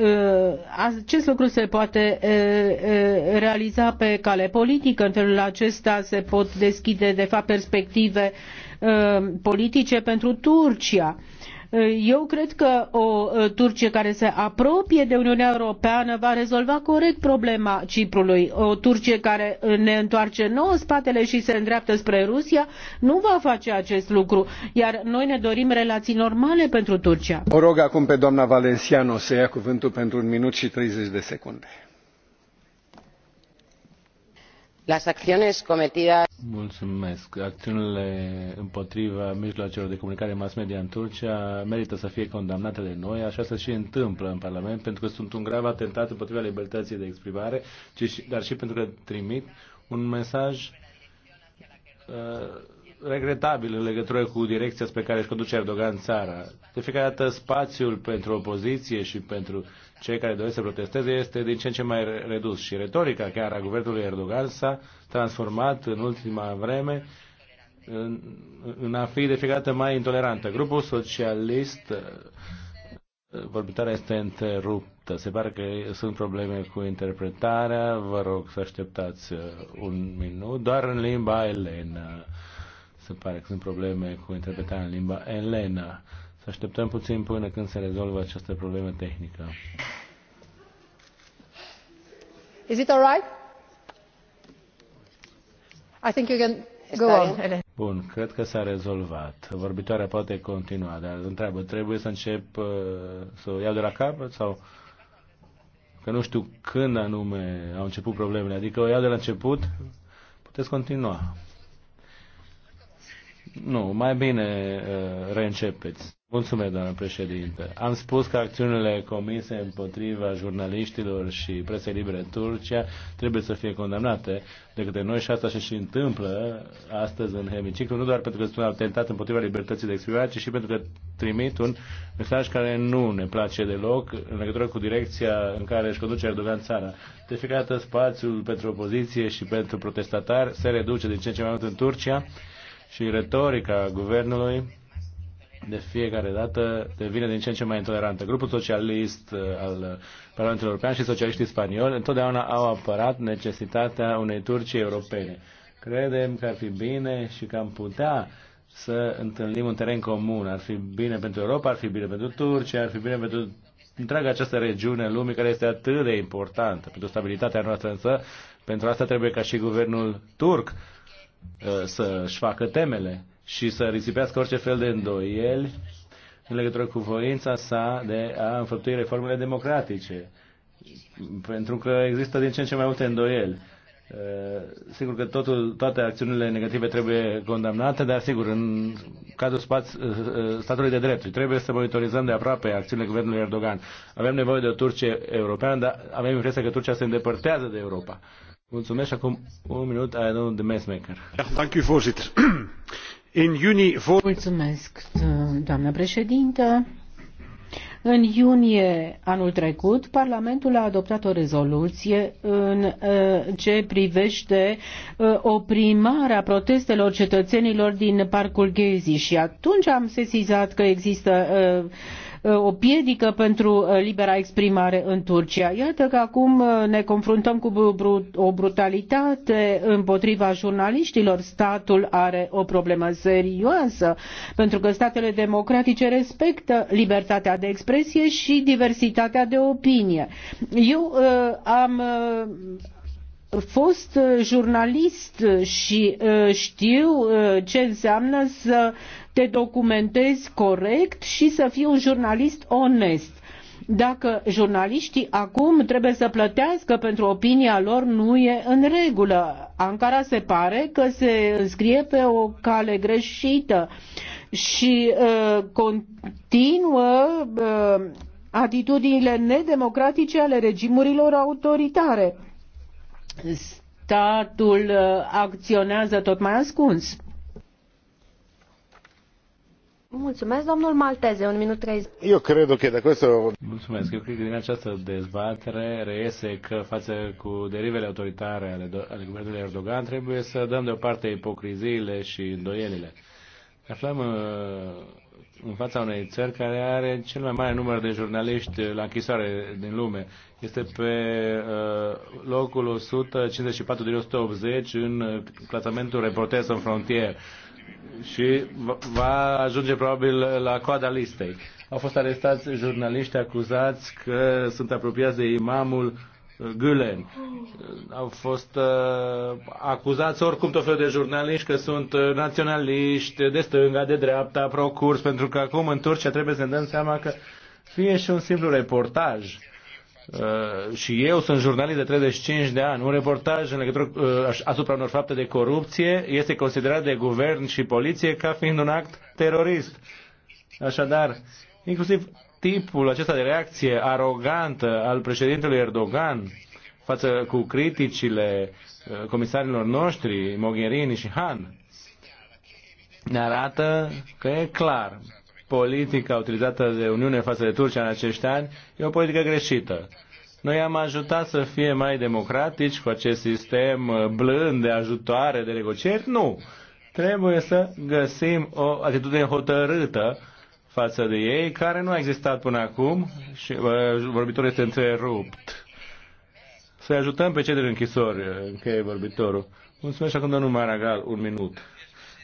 Speaker 4: Uh, acest lucru se poate uh, uh, realiza pe cale politică. În felul acesta se pot deschide, de fapt, perspective politice pentru Turcia eu cred că o Turcie care se apropie de Uniunea Europeană va rezolva corect problema Ciprului. O Turcie care ne întoarce nouă spatele și se îndreaptă spre Rusia nu va face acest lucru, iar noi ne dorim relații normale pentru Turcia.
Speaker 1: O rog acum pe doamna Valenciano să ia cuvântul pentru un minut și 30 de secunde.
Speaker 4: Las acciones cometidas.
Speaker 2: Mulțumesc. Acțiunile împotriva mijloacelor de comunicare mass media în Turcia merită să fie condamnate de noi. Așa se și întâmplă în Parlament, pentru că sunt un grav atentat împotriva libertății de exprimare, dar și pentru că trimit un mesaj uh, regretabil în legătură cu direcția spre care își conduce Erdogan țara. De fiecare dată spațiul pentru opoziție și pentru cei care doresc să protesteze este din ce în ce mai redus și retorica chiar a guvernului Erdogan s-a transformat în ultima vreme în, în a fi de fiecare dată mai intolerantă. Grupul socialist uh, Vorbitoarea este întreruptă. Se pare că sunt probleme cu interpretarea. Vă rog să așteptați uh, un minut. Doar în limba elena. Se pare că sunt probleme cu interpretarea în limba elena. Să așteptăm puțin până când se rezolvă această problemă tehnică.
Speaker 4: Is it alright? I think you can go on.
Speaker 2: Bun, cred că s-a rezolvat. Vorbitoarea poate continua, dar întreabă, trebuie să încep uh, să o iau de la capăt sau că nu știu când anume au început problemele, adică o iau de la început, puteți continua. Nu, mai bine uh, reîncepeți. Mulțumesc, doamnă președinte. Am spus că acțiunile comise împotriva jurnaliștilor și presei libere în Turcia trebuie să fie condamnate de către noi și asta se și întâmplă astăzi în hemiciclu, nu doar pentru că sunt atentat împotriva libertății de exprimare, ci și pentru că trimit un mesaj care nu ne place deloc în legătură cu direcția în care își conduce Erdogan țara. De fiecare dată spațiul pentru opoziție și pentru protestatari se reduce din ce în ce mai mult în Turcia și retorica guvernului de fiecare dată devine din ce în ce mai intolerantă. Grupul socialist uh, al Parlamentului European și socialiștii spanioli întotdeauna au apărat necesitatea unei Turcii europene. Credem că ar fi bine și că am putea să întâlnim un teren comun. Ar fi bine pentru Europa, ar fi bine pentru Turcia, ar fi bine pentru întreaga această regiune lumii care este atât de importantă pentru stabilitatea noastră, însă pentru asta trebuie ca și guvernul turc uh, să-și facă temele și să risipească orice fel de îndoieli în legătură cu voința sa de a înfăptui reformele democratice. Pentru că există din ce în ce mai multe îndoieli. Uh, sigur că totul, toate acțiunile negative trebuie condamnate, dar sigur, în cadrul spaț, uh, uh, statului de drept, trebuie să monitorizăm de aproape acțiunile guvernului Erdogan. Avem nevoie de o Turcie europeană, dar avem impresia că Turcia se îndepărtează de Europa. Mulțumesc și acum un minut ai domnul de Mesmaker. Ja, thank you,
Speaker 4: iunie... doamnă președintă. În iunie anul trecut, Parlamentul a adoptat o rezoluție în uh, ce privește uh, oprimarea protestelor cetățenilor din Parcul gezi și atunci am sesizat că există uh, Uh, o piedică pentru uh, libera exprimare în Turcia. Iată că acum uh, ne confruntăm cu o brutalitate împotriva jurnaliștilor. Statul are o problemă serioasă pentru că statele democratice respectă libertatea de expresie și diversitatea de opinie. Eu am fost uh, jurnalist uh, și uh, știu ce înseamnă să te documentezi corect și să fii un jurnalist onest. Dacă jurnaliștii acum trebuie să plătească pentru opinia lor, nu e în regulă. Ankara se pare că se înscrie pe o cale greșită și uh, continuă uh, atitudinile nedemocratice ale regimurilor autoritare statul uh, acționează tot mai ascuns. Mulțumesc, domnul Malteze, un minut 30.
Speaker 2: Eu cred că de acest. Mulțumesc, eu cred că din această dezbatere reiese că față cu derivele autoritare ale, do- ale guvernului Erdogan trebuie să dăm deoparte ipocriziile și îndoielile. aflăm uh, în fața unei țări care are cel mai mare număr de jurnaliști la închisoare din lume. Este pe uh, locul 154 din 180 în clasamentul Reporters în Frontier și va ajunge probabil la coada listei. Au fost arestați jurnaliști acuzați că sunt apropiați de imamul uh, Gülen. Uh, au fost uh, acuzați oricum tot felul de jurnaliști că sunt naționaliști, de stânga, de dreapta, procurs, pentru că acum în Turcia trebuie să ne dăm seama că fie și un simplu reportaj Uh, și eu sunt jurnalist de 35 de ani. Un reportaj în legătură uh, asupra unor fapte de corupție este considerat de guvern și poliție ca fiind un act terorist. Așadar, inclusiv tipul acesta de reacție arogantă al președintelui Erdogan față cu criticile uh, comisarilor noștri, Mogherini și Han, ne arată că e clar politica utilizată de Uniune față de Turcia în acești ani e o politică greșită. Noi am ajutat să fie mai democratici cu acest sistem uh, blând de ajutoare, de negocieri? Nu. Trebuie să găsim o atitudine hotărâtă față de ei, care nu a existat până acum și uh, vorbitorul este întrerupt. Să ajutăm pe cei de închisori, încheie uh, vorbitorul. Mulțumesc și acum domnul Maragal, un minut.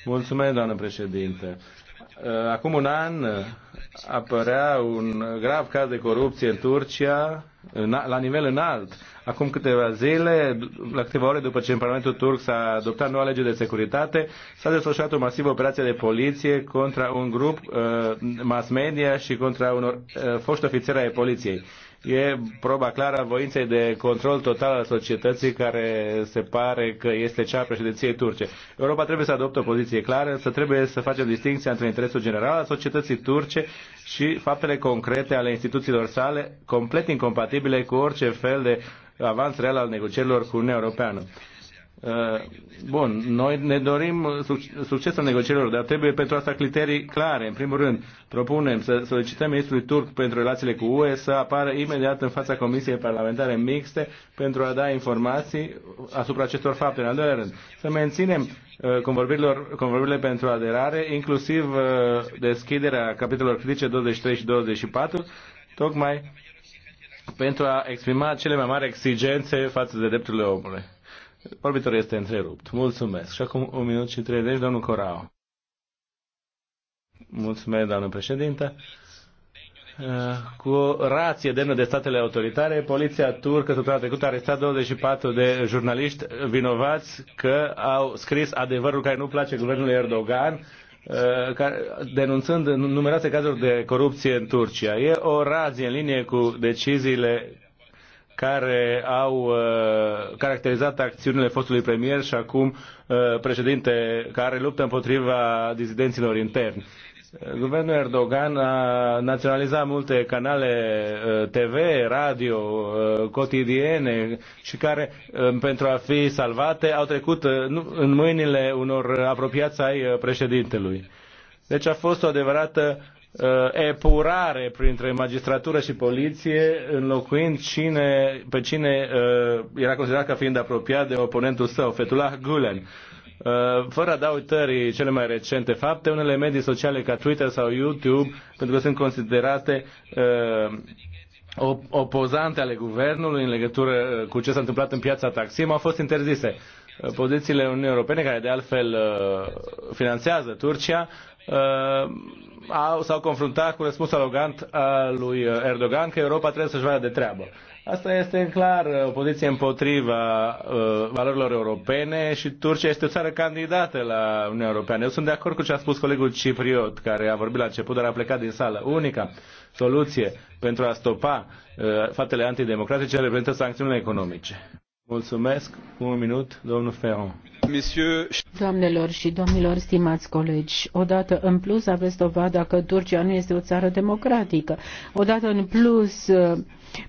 Speaker 2: Mulțumesc, doamnă președinte. Uh, acum un an uh, apărea un grav caz de corupție în Turcia în, la nivel înalt. Acum câteva zile, la câteva ore după ce în Parlamentul turc s-a adoptat noua lege de securitate, s-a desfășurat o masivă operație de poliție contra un grup uh, mass media și contra unor uh, foști ofițeri ai poliției. E proba clară a voinței de control total al societății care se pare că este cea a președinției turce. Europa trebuie să adopte o poziție clară, să trebuie să facem distinția între interesul general al societății turce politice și faptele concrete ale instituțiilor sale, complet incompatibile cu orice fel de avans real al negocierilor cu Uniunea Europeană. Uh, bun, noi ne dorim succesul negocierilor, dar trebuie pentru asta criterii clare. În primul rând, propunem să solicităm ministrului turc pentru relațiile cu UE să apară imediat în fața Comisiei Parlamentare Mixte pentru a da informații asupra acestor fapte. În al doilea rând, să menținem Uh, convorbirilor, convorbirile pentru aderare, inclusiv uh, deschiderea capitolelor critice 23 și 24, tocmai pentru a exprima cele mai mari exigențe față de drepturile omului. Vorbitorul este întrerupt. Mulțumesc. Și acum un minut și 30, domnul Corao. Mulțumesc, doamnă președinte cu rație demnă de statele autoritare, poliția turcă săptămâna trecută a arestat 24 de jurnaliști vinovați că au scris adevărul care nu place guvernului Erdogan, uh, denunțând numeroase cazuri de corupție în Turcia. E o razie în linie cu deciziile care au uh, caracterizat acțiunile fostului premier și acum uh, președinte care luptă împotriva dizidenților interni Guvernul Erdogan a naționalizat multe canale uh, TV, radio, uh, cotidiene și care, uh, pentru a fi salvate, au trecut în mâinile unor apropiați ai președintelui. Deci a fost o adevărată epurare printre magistratură și poliție, înlocuind cine, pe cine era considerat ca fiind apropiat de oponentul său, Fetullah Gulen Uh, fără a da uitării cele mai recente fapte, unele medii sociale ca Twitter sau YouTube, pentru că sunt considerate uh, opozante ale guvernului în legătură uh, cu ce s-a întâmplat în piața Taxim, au fost interzise. Pozițiile Uniunii Europene, care de altfel finanțează Turcia, s-au confruntat cu răspunsul arogant al lui Erdogan că Europa trebuie să-și vadă de treabă. Asta este în clar uh, o poziție împotriva uh, valorilor europene și Turcia este o țară candidată la Uniunea Europeană. Eu sunt de acord cu ce a spus colegul Cipriot, care a vorbit la început, dar a plecat din sală. Unica soluție pentru a stopa uh, faptele antidemocratice reprezintă sancțiunile economice. Mulțumesc. Un minut, domnul Ferron.
Speaker 4: Doamnelor și domnilor, stimați colegi, odată în plus aveți dovada că Turcia nu este o țară democratică. Odată în plus,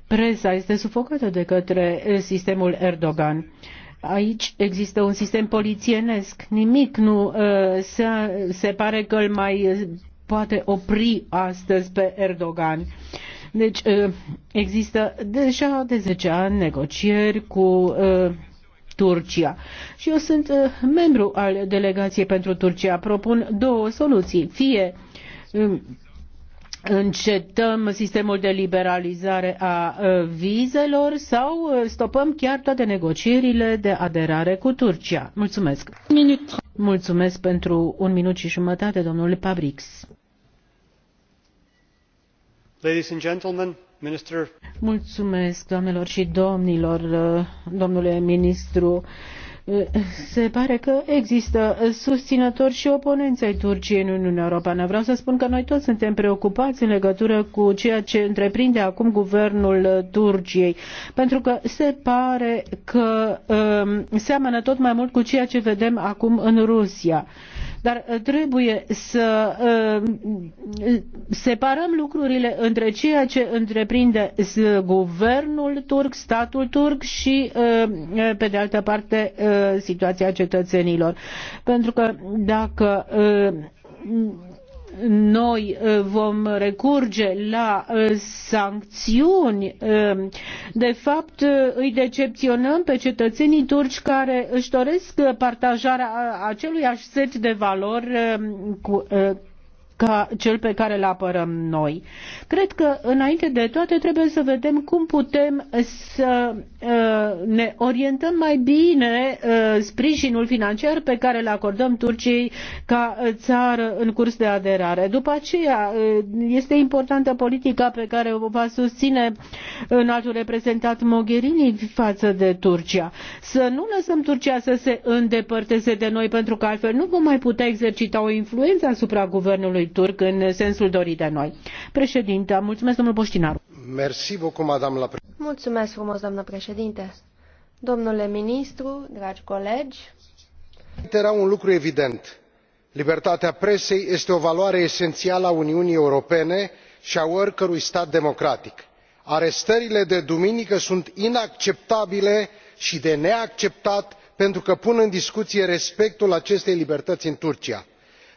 Speaker 4: presa este sufocată de către sistemul Erdogan. Aici există un sistem polițienesc. Nimic nu uh, se, se pare că îl mai poate opri astăzi pe Erdogan. Uh, deci ă, există deja de 10 ani negocieri cu ă, Turcia. Și eu sunt ă, membru al delegației pentru Turcia. Propun două soluții. Fie încetăm sistemul de liberalizare a vizelor sau stopăm chiar toate negocierile de aderare cu Turcia. Mulțumesc. Mulțumesc pentru un minut și jumătate, domnule Pabrix doamnelor și domnilor, domnule ministru. Se pare că există susținători și oponenți ai Turciei în Uniunea Europeană. Vreau să spun că noi toți suntem preocupați în legătură cu ceea ce întreprinde acum guvernul Turciei, pentru că se pare că um, seamănă tot mai mult cu ceea ce vedem acum în Rusia. Uh, dar uh, trebuie să uh, separăm lucrurile între ceea ce întreprinde guvernul turc, statul turc și, uh, pe de altă parte, situația cetățenilor. Pentru că dacă noi uh, vom recurge la uh, sancțiuni, um, de fapt uh, îi decepționăm pe cetățenii turci care își doresc partajarea acelui set de valori um, cu, ca cel pe care îl apărăm noi. Cred că, înainte de toate, trebuie să vedem cum putem să uh, ne orientăm mai bine uh, sprijinul financiar pe care îl acordăm Turciei ca uh, țară în curs de aderare. După aceea, este importantă politica pe care o va susține în altul reprezentat Mogherini față de Turcia. Să nu lăsăm Turcia să se îndepărteze de noi, pentru că altfel nu vom mai putea exercita o influență asupra guvernului turc în sensul dorit de noi. Președinte, președinte. Mulțumesc, domnul Boștinaru.
Speaker 5: Mersi beaucoup,
Speaker 6: Mulțumesc frumos, președinte. Domnule ministru, dragi colegi.
Speaker 5: Era un lucru evident. Libertatea presei este o valoare esențială a Uniunii Europene și a oricărui stat democratic. Arestările de duminică sunt inacceptabile și de neacceptat pentru că pun în discuție respectul acestei libertăți în turcia.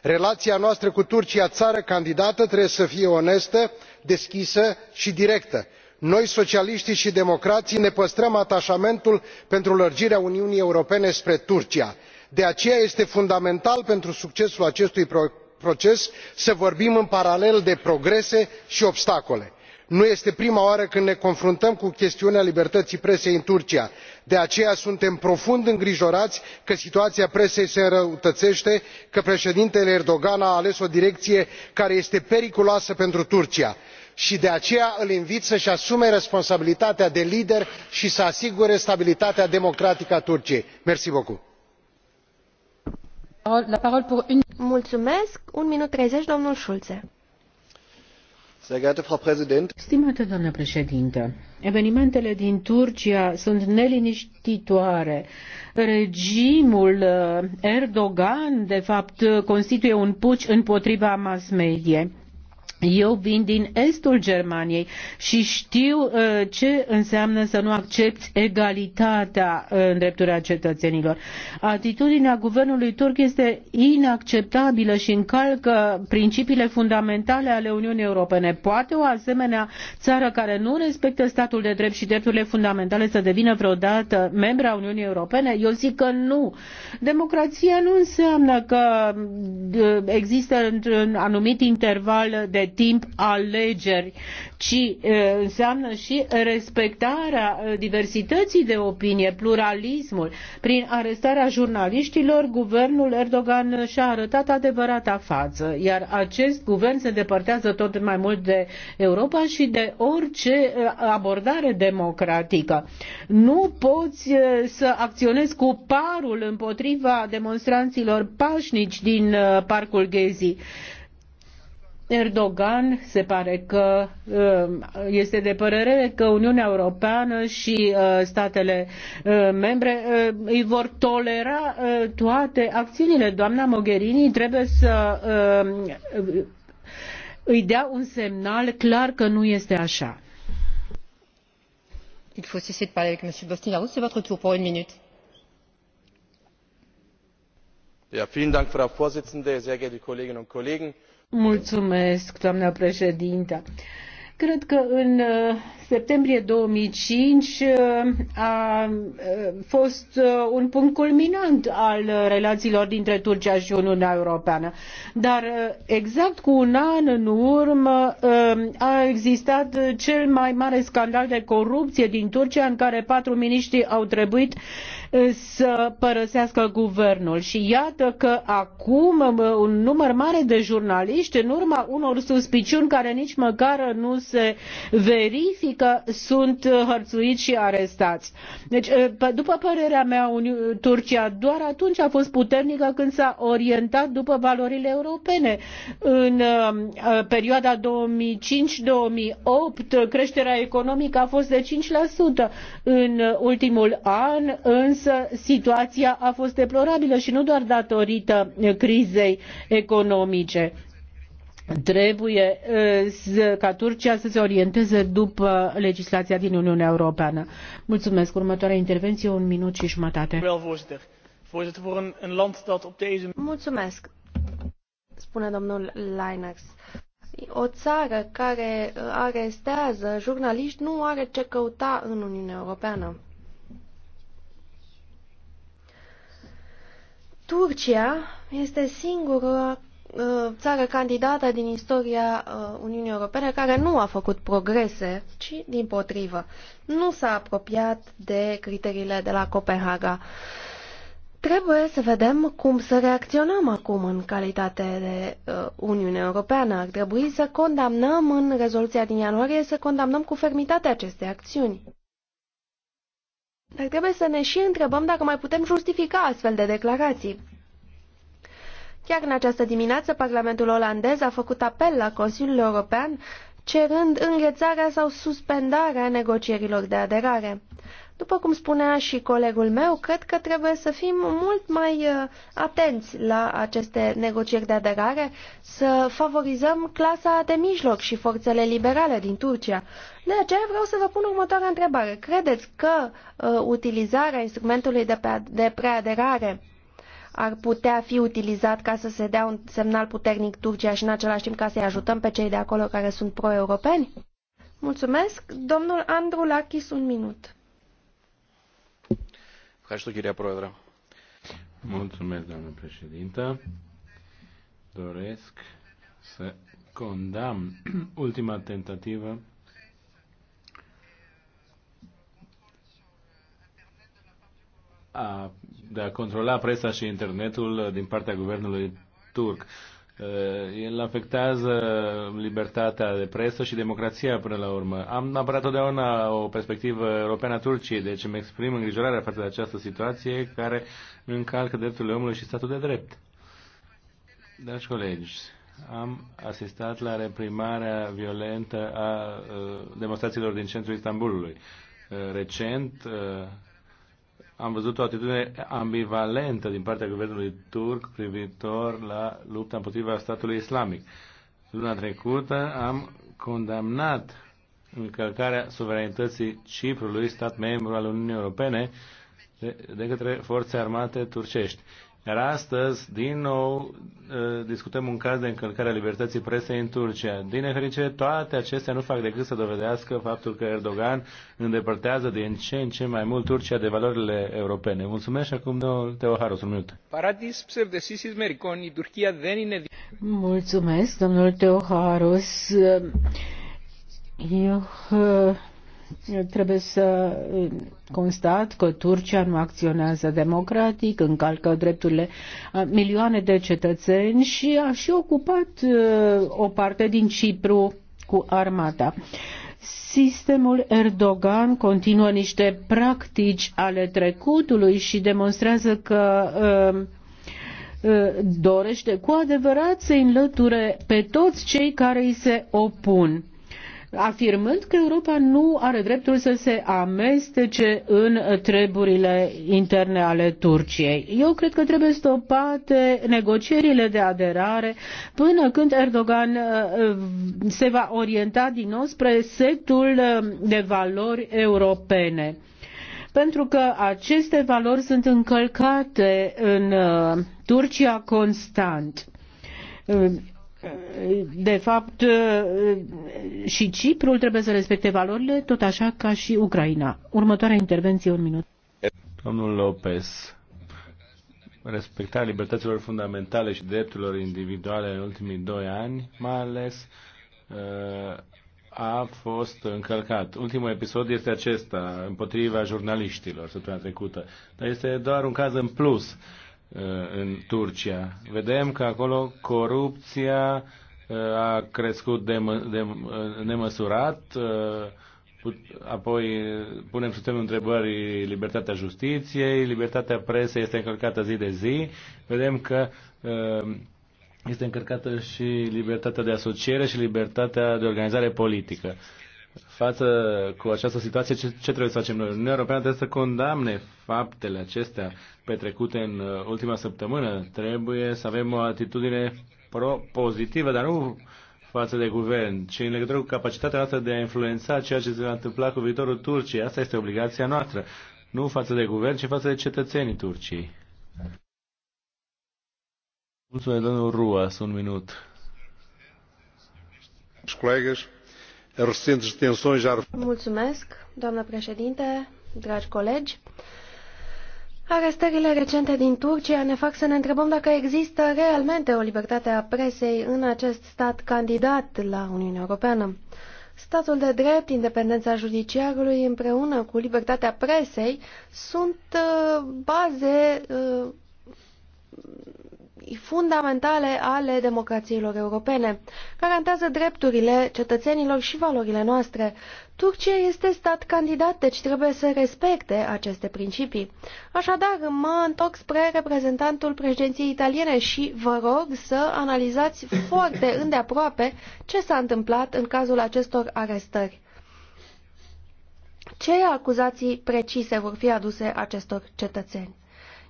Speaker 5: relația noastră cu turcia țară candidată trebuie să fie onestă deschisă și directă. noi socialiștii și democrații ne păstrăm atașamentul pentru lărgirea uniunii europene spre turcia de aceea este fundamental pentru succesul acestui proces să vorbim în paralel de progrese și obstacole. nu este prima oară când ne confruntăm cu chestiunea libertății presei în turcia de aceea suntem profund îngrijorați că situația presei se înrăutățește că președintele erdogan a ales o direcție care este periculoasă pentru turcia și de aceea îl invit să își asume responsabilitatea de lider și să asigure stabilitatea democratică a turciei.
Speaker 4: Stimată doamnă președintă, evenimentele din Turcia sunt neliniștitoare. Regimul uh, Erdogan, de fapt, constituie un puci împotriva mass media. Eu vin din estul Germaniei și știu uh, ce înseamnă să nu accepti egalitatea uh, în drepturile cetățenilor. Atitudinea guvernului turc este inacceptabilă și încalcă principiile fundamentale ale Uniunii Europene. Poate o asemenea țară care nu respectă statul de drept și drepturile fundamentale să devină vreodată membra Uniunii Europene? Eu zic că nu. Democrația nu înseamnă că uh, există într-un anumit interval de timp alegeri, ci înseamnă și respectarea diversității de opinie, pluralismul. Prin arestarea jurnaliștilor, guvernul Erdogan și-a arătat adevărata față, iar acest guvern se depărtează tot mai mult de Europa și de orice abordare democratică. Nu poți să acționezi cu parul împotriva demonstranților pașnici din Parcul Ghezii Erdogan se pare că uh, este de părere că Uniunea Europeană și uh, statele uh, membre îi vor tolera toate acțiunile. Doamna Mogherini trebuie să îi dea un semnal clar că nu este așa. Il faut cesser de parler avec M. Bostinarou. C'est votre tour pour une minute.
Speaker 5: Ja, vielen Dank, Frau Vorsitzende, sehr geehrte Kolleginnen und Kollegen
Speaker 4: Mulțumesc, doamna președintă. Cred că în uh, septembrie 2005 uh, a uh, fost un punct culminant al relațiilor dintre Turcia și Uniunea Europeană. Dar exact cu un an în urmă a existat cel mai mare scandal de corupție din Turcia în care patru miniștri au trebuit să părăsească guvernul. Și iată că acum un număr mare de jurnaliști, în urma unor suspiciuni care nici măcar nu se verifică, sunt hărțuiți și arestați. Deci, eh, după părerea mea, Turcia doar atunci a fost puternică când s-a orientat după valorile europene. În eh, eh, perioada 2005-2008, creșterea economică a fost de 5%. În ultimul an, însă, însă situația a fost deplorabilă și nu doar datorită eh, crizei economice. Trebuie eh, ca Turcia să se orienteze după legislația din Uniunea Europeană. Mulțumesc. Următoarea intervenție, un minut și jumătate.
Speaker 6: Mulțumesc, spune domnul Linex. O țară care eh, arestează jurnaliști nu are ce căuta în Uniunea Europeană. Turcia este singura uh, țară candidată din istoria uh, Uniunii Europene care nu a făcut progrese, ci din potrivă. Nu s-a apropiat de criteriile de la Copenhaga. Trebuie să vedem cum să reacționăm acum în calitate de uh, Uniune Europeană. Ar trebui să condamnăm în rezoluția din ianuarie, să condamnăm cu fermitate aceste acțiuni. Dar trebuie să ne și întrebăm dacă mai putem justifica astfel de declarații. Chiar în această dimineață, Parlamentul olandez a făcut apel la Consiliul European cerând înghețarea sau suspendarea negocierilor de aderare. După cum spunea și colegul meu, cred că trebuie să fim mult mai uh, atenți la aceste negocieri de aderare, să favorizăm clasa de mijloc și forțele liberale din Turcia. De aceea vreau să vă pun următoarea întrebare. Credeți că uh, utilizarea instrumentului de, pe, de preaderare ar putea fi utilizat ca să se dea un semnal puternic Turcia și în același timp ca să-i ajutăm pe cei de acolo care sunt pro-europeni? Mulțumesc. Domnul Andru Lachis, un minut.
Speaker 2: Mulțumesc, doamnă președintă. Doresc să condamn ultima tentativă a, de a controla presa și internetul din partea guvernului turc. Eh, el afectează libertatea de presă și democrația până la urmă. Am apărat totdeauna o perspectivă europeană a Turciei, deci îmi exprim îngrijorarea față de această situație care încalcă drepturile omului și statul de drept. Dragi colegi, am asistat la reprimarea violentă a eh, demonstrațiilor din centrul Istanbulului. Eh, recent, am văzut o atitudine ambivalentă din partea guvernului turc privitor la lupta împotriva statului islamic. Luna trecută am condamnat încălcarea suveranității Ciprului, stat membru al Uniunii Europene, de, de către forțe armate turcești. Iar astăzi, din nou, ă, discutăm un caz de încălcare a libertății presei în Turcia. Din nefericire, toate acestea nu fac decât să dovedească faptul că Erdogan îndepărtează din ce în ce mai mult Turcia de valorile europene. Mulțumesc și acum, domnul Teoharos, un minut. Paradis pseudesisis mericoni, Turcia denine...
Speaker 4: Mulțumesc, domnul Teoharos. Eu uh, Trebuie să uh, constat că Turcia nu acționează democratic, încalcă drepturile uh, milioane de cetățeni și a și ocupat uh, o parte din Cipru cu armata sistemul Erdogan continuă niște practici ale trecutului și demonstrează că dorește cu adevărat să înlăture pe toți cei care îi se opun afirmând că Europa nu are dreptul să se amestece în treburile interne ale Turciei. Eu cred că trebuie stopate negocierile de aderare până când Erdogan uh, uh, se va orienta din nou spre setul uh, de valori europene pentru că aceste valori sunt încălcate în Turcia constant de fapt, uh, și Ciprul trebuie să respecte valorile, tot așa ca și Ucraina. Următoarea intervenție, un minut.
Speaker 2: Domnul Lopez, respectarea libertăților fundamentale și drepturilor individuale în ultimii doi ani, mai ales uh, a fost încălcat. Ultimul episod este acesta, împotriva jurnaliștilor, săptămâna trecută. Dar este doar un caz în plus. Uh, în Turcia. Vedem că acolo corupția uh, a crescut de, de, uh, nemăsurat, apoi punem sub semnul întrebării libertatea justiției, libertatea presei este încălcată zi de zi, vedem că este încărcată și libertatea de asociere și libertatea de organizare politică față cu această situație, ce, ce trebuie să facem noi? Uniunea Europeană trebuie să condamne faptele acestea petrecute în uh, ultima săptămână. Trebuie să avem o atitudine pro-pozitivă, dar nu față de guvern, ci în legătură cu capacitatea noastră de a influența ceea ce se va întâmpla cu viitorul Turciei. Asta este obligația noastră. Nu față de guvern, ci față de cetățenii Turciei. Mulțumesc, domnul Ruas, un minut. Colegas,
Speaker 6: doamnă președinte, dragi colegi. Arestările recente din Turcia ne fac să ne întrebăm dacă există realmente o libertate a presei în acest stat candidat la Uniunea Europeană. Statul de drept, independența judiciarului împreună cu libertatea presei sunt uh, baze uh, fundamentale ale democrațiilor europene. Garantează drepturile cetățenilor și valorile noastre. Turcia este stat candidat, deci trebuie să respecte aceste principii. Așadar, mă întorc spre reprezentantul președinției italiene și vă rog să analizați foarte îndeaproape ce s-a întâmplat în cazul acestor arestări. Ce acuzații precise vor fi aduse acestor cetățeni?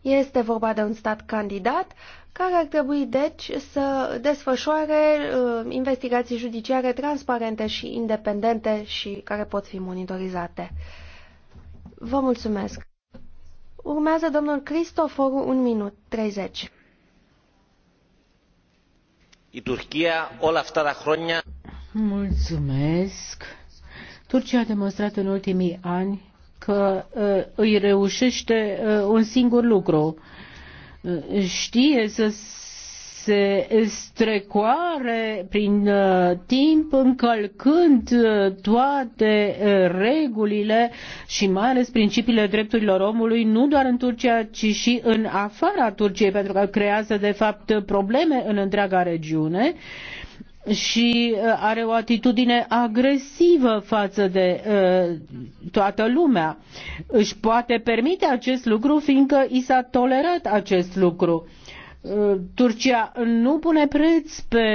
Speaker 6: Este vorba de un stat candidat care ar trebui, deci, să desfășoare uh, investigații judiciare transparente și independente și care pot fi monitorizate. Vă mulțumesc. Urmează domnul Cristoforu, un minut 30.
Speaker 5: I Τουρκία όλα αυτά τα
Speaker 4: Mulțumesc. Turcia a demonstrat în ultimii ani că îi reușește un singur lucru. Știe să se strecoare prin timp încălcând toate regulile și mai ales principiile drepturilor omului, nu doar în Turcia, ci și în afara Turciei, pentru că creează de fapt probleme în întreaga regiune. Uh, și uh, are o atitudine agresivă față de uh, toată lumea. Își poate permite acest lucru fiindcă i s-a tolerat acest lucru. Uh, Turcia nu pune preț pe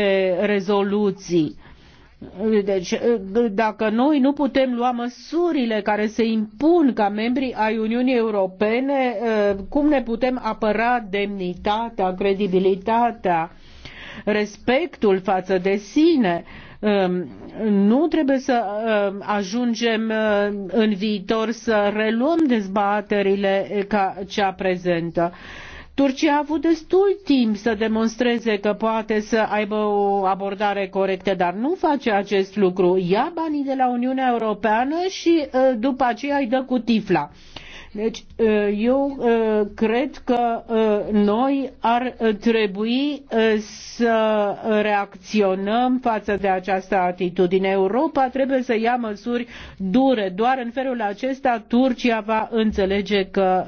Speaker 4: rezoluții. Deci, dacă noi nu putem lua măsurile care se impun ca membri ai Uniunii Europene, cum ne putem apăra demnitatea, credibilitatea? respectul față de sine. Ehm, nu trebuie să ehm, ajungem ehm, în viitor să reluăm dezbaterile ca cea prezentă. Turcia a avut destul timp să demonstreze că poate să aibă o abordare corectă, dar nu face acest lucru. Ia banii de la Uniunea Europeană și după aceea îi dă cu tifla. Deci eu cred că noi ar trebui să reacționăm față de această atitudine. Europa trebuie să ia măsuri dure. Doar în felul acesta Turcia va înțelege că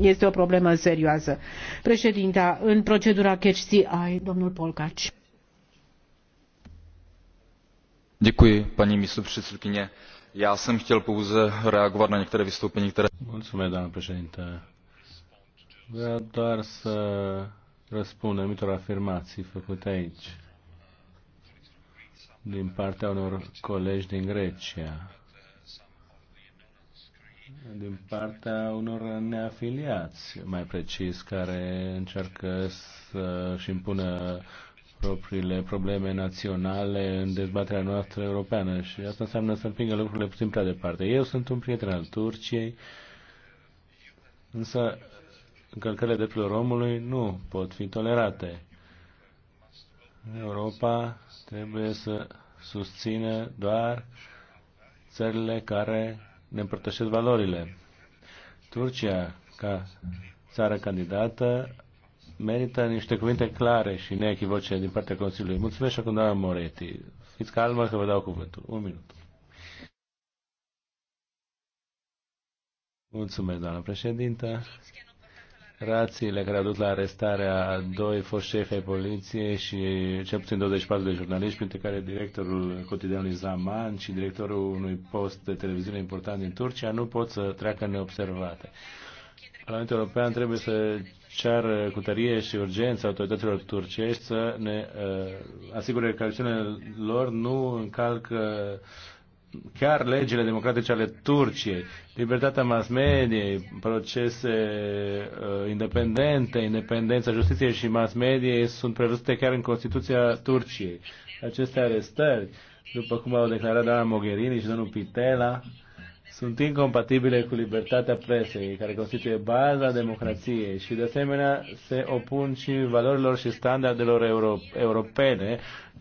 Speaker 4: este o problemă serioasă. Președinta, în procedura catch ai domnul Polcaci.
Speaker 2: Děkuji, paní já jsem chtěl pouze reagovat na některé vystoupení, které... Mulțumesc, doamnă președinte. Vreau doar să răspund anumitor afirmații făcute aici din partea unor colegi din Grecia, din partea unor neafiliați, mai precis, care încearcă să-și impună propriile probleme naționale în dezbaterea noastră europeană și asta înseamnă să împingă lucrurile puțin prea departe. Eu sunt un prieten al Turciei, însă încălcările drepturilor omului nu pot fi tolerate. Europa trebuie să susțină doar țările care ne împărtășesc valorile. Turcia, ca țară candidată, merită niște cuvinte clare și neechivoce din partea Consiliului. Mulțumesc și acum, doamna Moretti. Fiți calmă că vă dau cuvântul. Un minut. Mulțumesc, doamna președintă. Rațiile care au dus la arestarea a doi foști șefi ai poliției și cel puțin 24 de jurnaliști, printre care directorul cotidianului Zaman și directorul unui post de televiziune important din Turcia, nu pot să treacă neobservate. Parlamentul European trebuie să cer cu tărie și urgență autorităților turcești să ne uh, asigure că acțiunile lor nu încalcă chiar legile democratice ale Turciei, libertatea mass mediei, procese uh, independente, independența justiției și mass mediei sunt prevăzute chiar în Constituția Turciei. Aceste arestări, după cum au declarat doamna Mogherini și domnul Pitela, uh, sunt incompatibile cu libertatea presei, care constituie baza democrației și, de asemenea, se opun și valorilor și standardelor euro europene,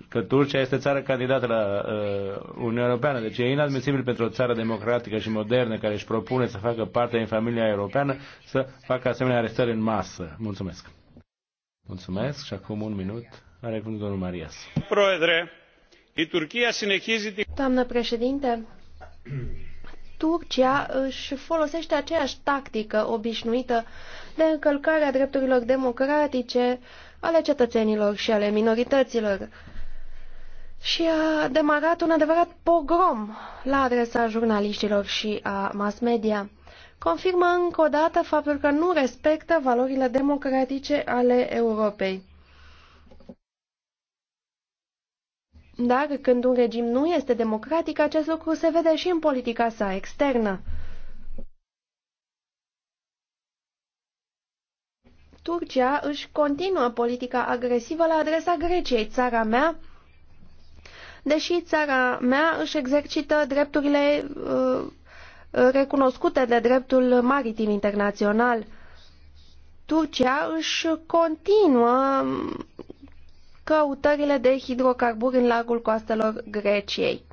Speaker 2: că Turcia este țară candidată la uh, Uniunea Europeană. Deci e inadmisibil pentru o țară democratică și modernă care își propune să facă parte din familia europeană să facă asemenea arestări în masă. Mulțumesc! Mulțumesc și acum un minut are cuvântul domnul Marias.
Speaker 6: Doamnă președinte, Turcia își folosește aceeași tactică obișnuită de încălcarea drepturilor democratice ale cetățenilor și ale minorităților și a demarat un adevărat pogrom la adresa jurnaliștilor și a mass media. Confirmă încă o dată faptul că nu respectă valorile democratice ale Europei. Dar când un regim nu este democratic, acest lucru se vede și în politica sa externă. Turcia își continuă politica agresivă la adresa Greciei, țara mea, deși țara mea își exercită drepturile uh, recunoscute de dreptul maritim internațional. Turcia își continuă căutările de hidrocarburi în largul coastelor Greciei.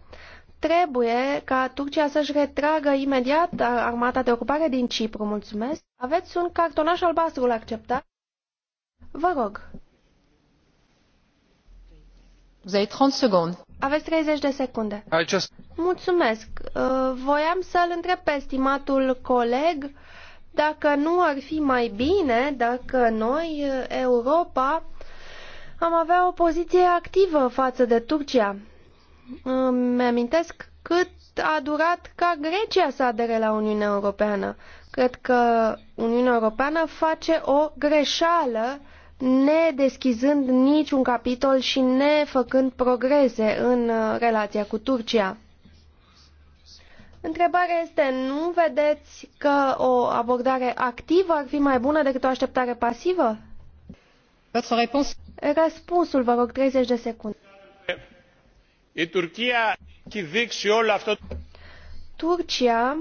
Speaker 6: Trebuie ca Turcia să-și retragă imediat armata de ocupare din Cipru. Mulțumesc. Aveți un cartonaș albastru, l acceptat Vă rog. Aveți 30 de secunde. Just... Mulțumesc. Uh, voiam să-l întreb pe estimatul coleg dacă nu ar fi mai bine dacă noi, uh, Europa, am avea o poziție activă față de Turcia. Îmi amintesc cât a durat ca Grecia să adere la Uniunea Europeană. Cred că Uniunea Europeană face o greșeală nedeschizând niciun capitol și nefăcând progrese în uh, relația cu Turcia. Întrebarea este, nu vedeți că o abordare activă ar fi mai bună decât o așteptare pasivă? Votre réponse Răspunsul, vă rog, 30 de secunde.
Speaker 2: Η Τουρκία έχει δείξει όλο αυτό...
Speaker 6: Turcia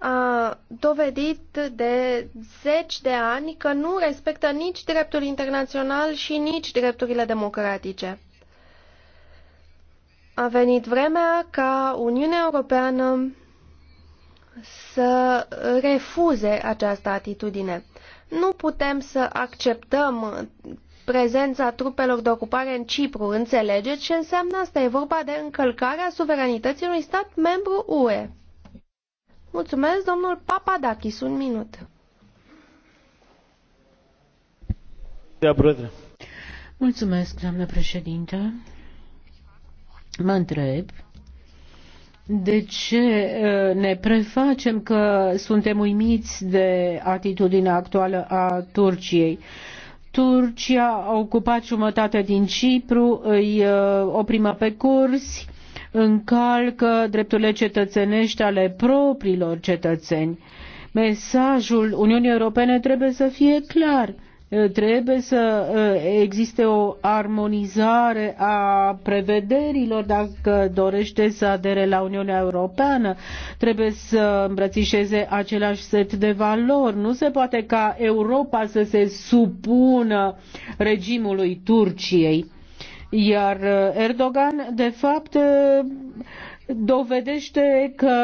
Speaker 6: a dovedit de zeci de ani că nu respectă nici dreptul internațional și nici drepturile democratice. A venit vremea ca Uniunea Europeană să refuze această atitudine. Nu putem să acceptăm prezența trupelor de ocupare în Cipru. Înțelegeți ce înseamnă asta? E vorba de încălcarea suveranității unui stat membru UE. Mulțumesc, domnul Papadakis, un minut.
Speaker 4: Mulțumesc, doamnă președinte. Mă întreb de ce uh, ne prefacem că suntem uimiți de atitudinea actuală a Turciei? Turcia a ocupat jumătate din Cipru, îi uh, oprimă pe cursi, încalcă drepturile cetățenești ale propriilor cetățeni. Mesajul Uniunii Europene trebuie să fie clar. Eh, trebuie să eh, existe o armonizare a prevederilor dacă dorește să adere la Uniunea Europeană. Trebuie să îmbrățișeze același set de valori. Nu se poate ca Europa să se supună regimului Turciei. Iar eh, Erdogan, de fapt, dovedește că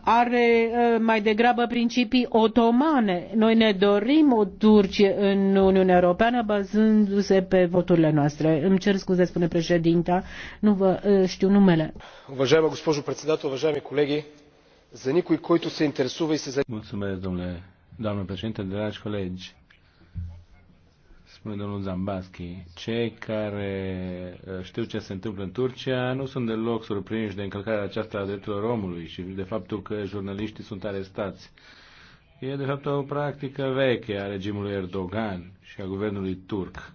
Speaker 4: are eh, mai degrabă principii otomane. Noi ne dorim o Turcie în Uniunea Europeană bazându-se pe voturile noastre. Îmi cer scuze, spune președinta, nu vă eh, știu numele.
Speaker 2: Уважаема госпожо председател, уважаеми колеги, за никой, който се интересува и се Mulțumesc, domnule, doamnă președinte, dragi colegi spune domnul Zambaschi, cei care uh, știu ce se întâmplă în Turcia nu sunt deloc surprinși de încălcarea aceasta a drepturilor omului și de faptul că jurnaliștii sunt arestați. E de fapt o practică veche a regimului Erdogan și a guvernului turc.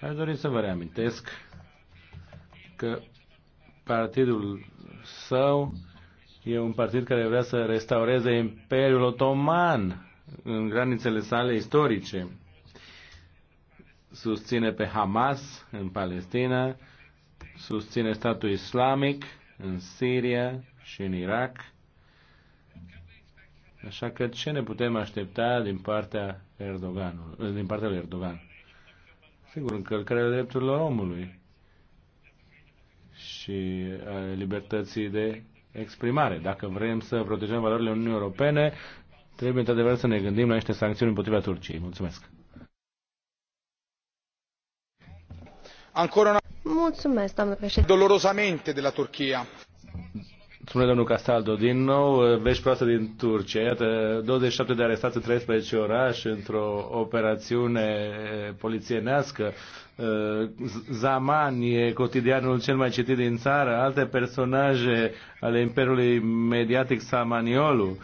Speaker 2: Aș dori să vă reamintesc că partidul său e un partid care vrea să restaureze Imperiul Otoman în granițele sale istorice susține pe Hamas în Palestina, susține statul islamic în Siria și în Irak. Așa că ce ne putem aștepta din partea Erdoganului, din partea lui Erdogan? Sigur, încălcarea drepturilor omului și a libertății de exprimare. Dacă vrem să protejăm valorile Uniunii Europene, trebuie într-adevăr să ne gândim la niște sancțiuni împotriva Turciei. Mulțumesc!
Speaker 6: ancora una
Speaker 5: Dolorosamente de la Turchia.
Speaker 2: Spune domnul Castaldo. Din nou, eh, vești proaste din Turcia. Iată, 27 de arestați în 13 orașe într-o operațiune eh, polițienească. Eh, Zaman e cotidianul cel mai citit din țară. Alte personaje ale imperiului mediatic Samaniolu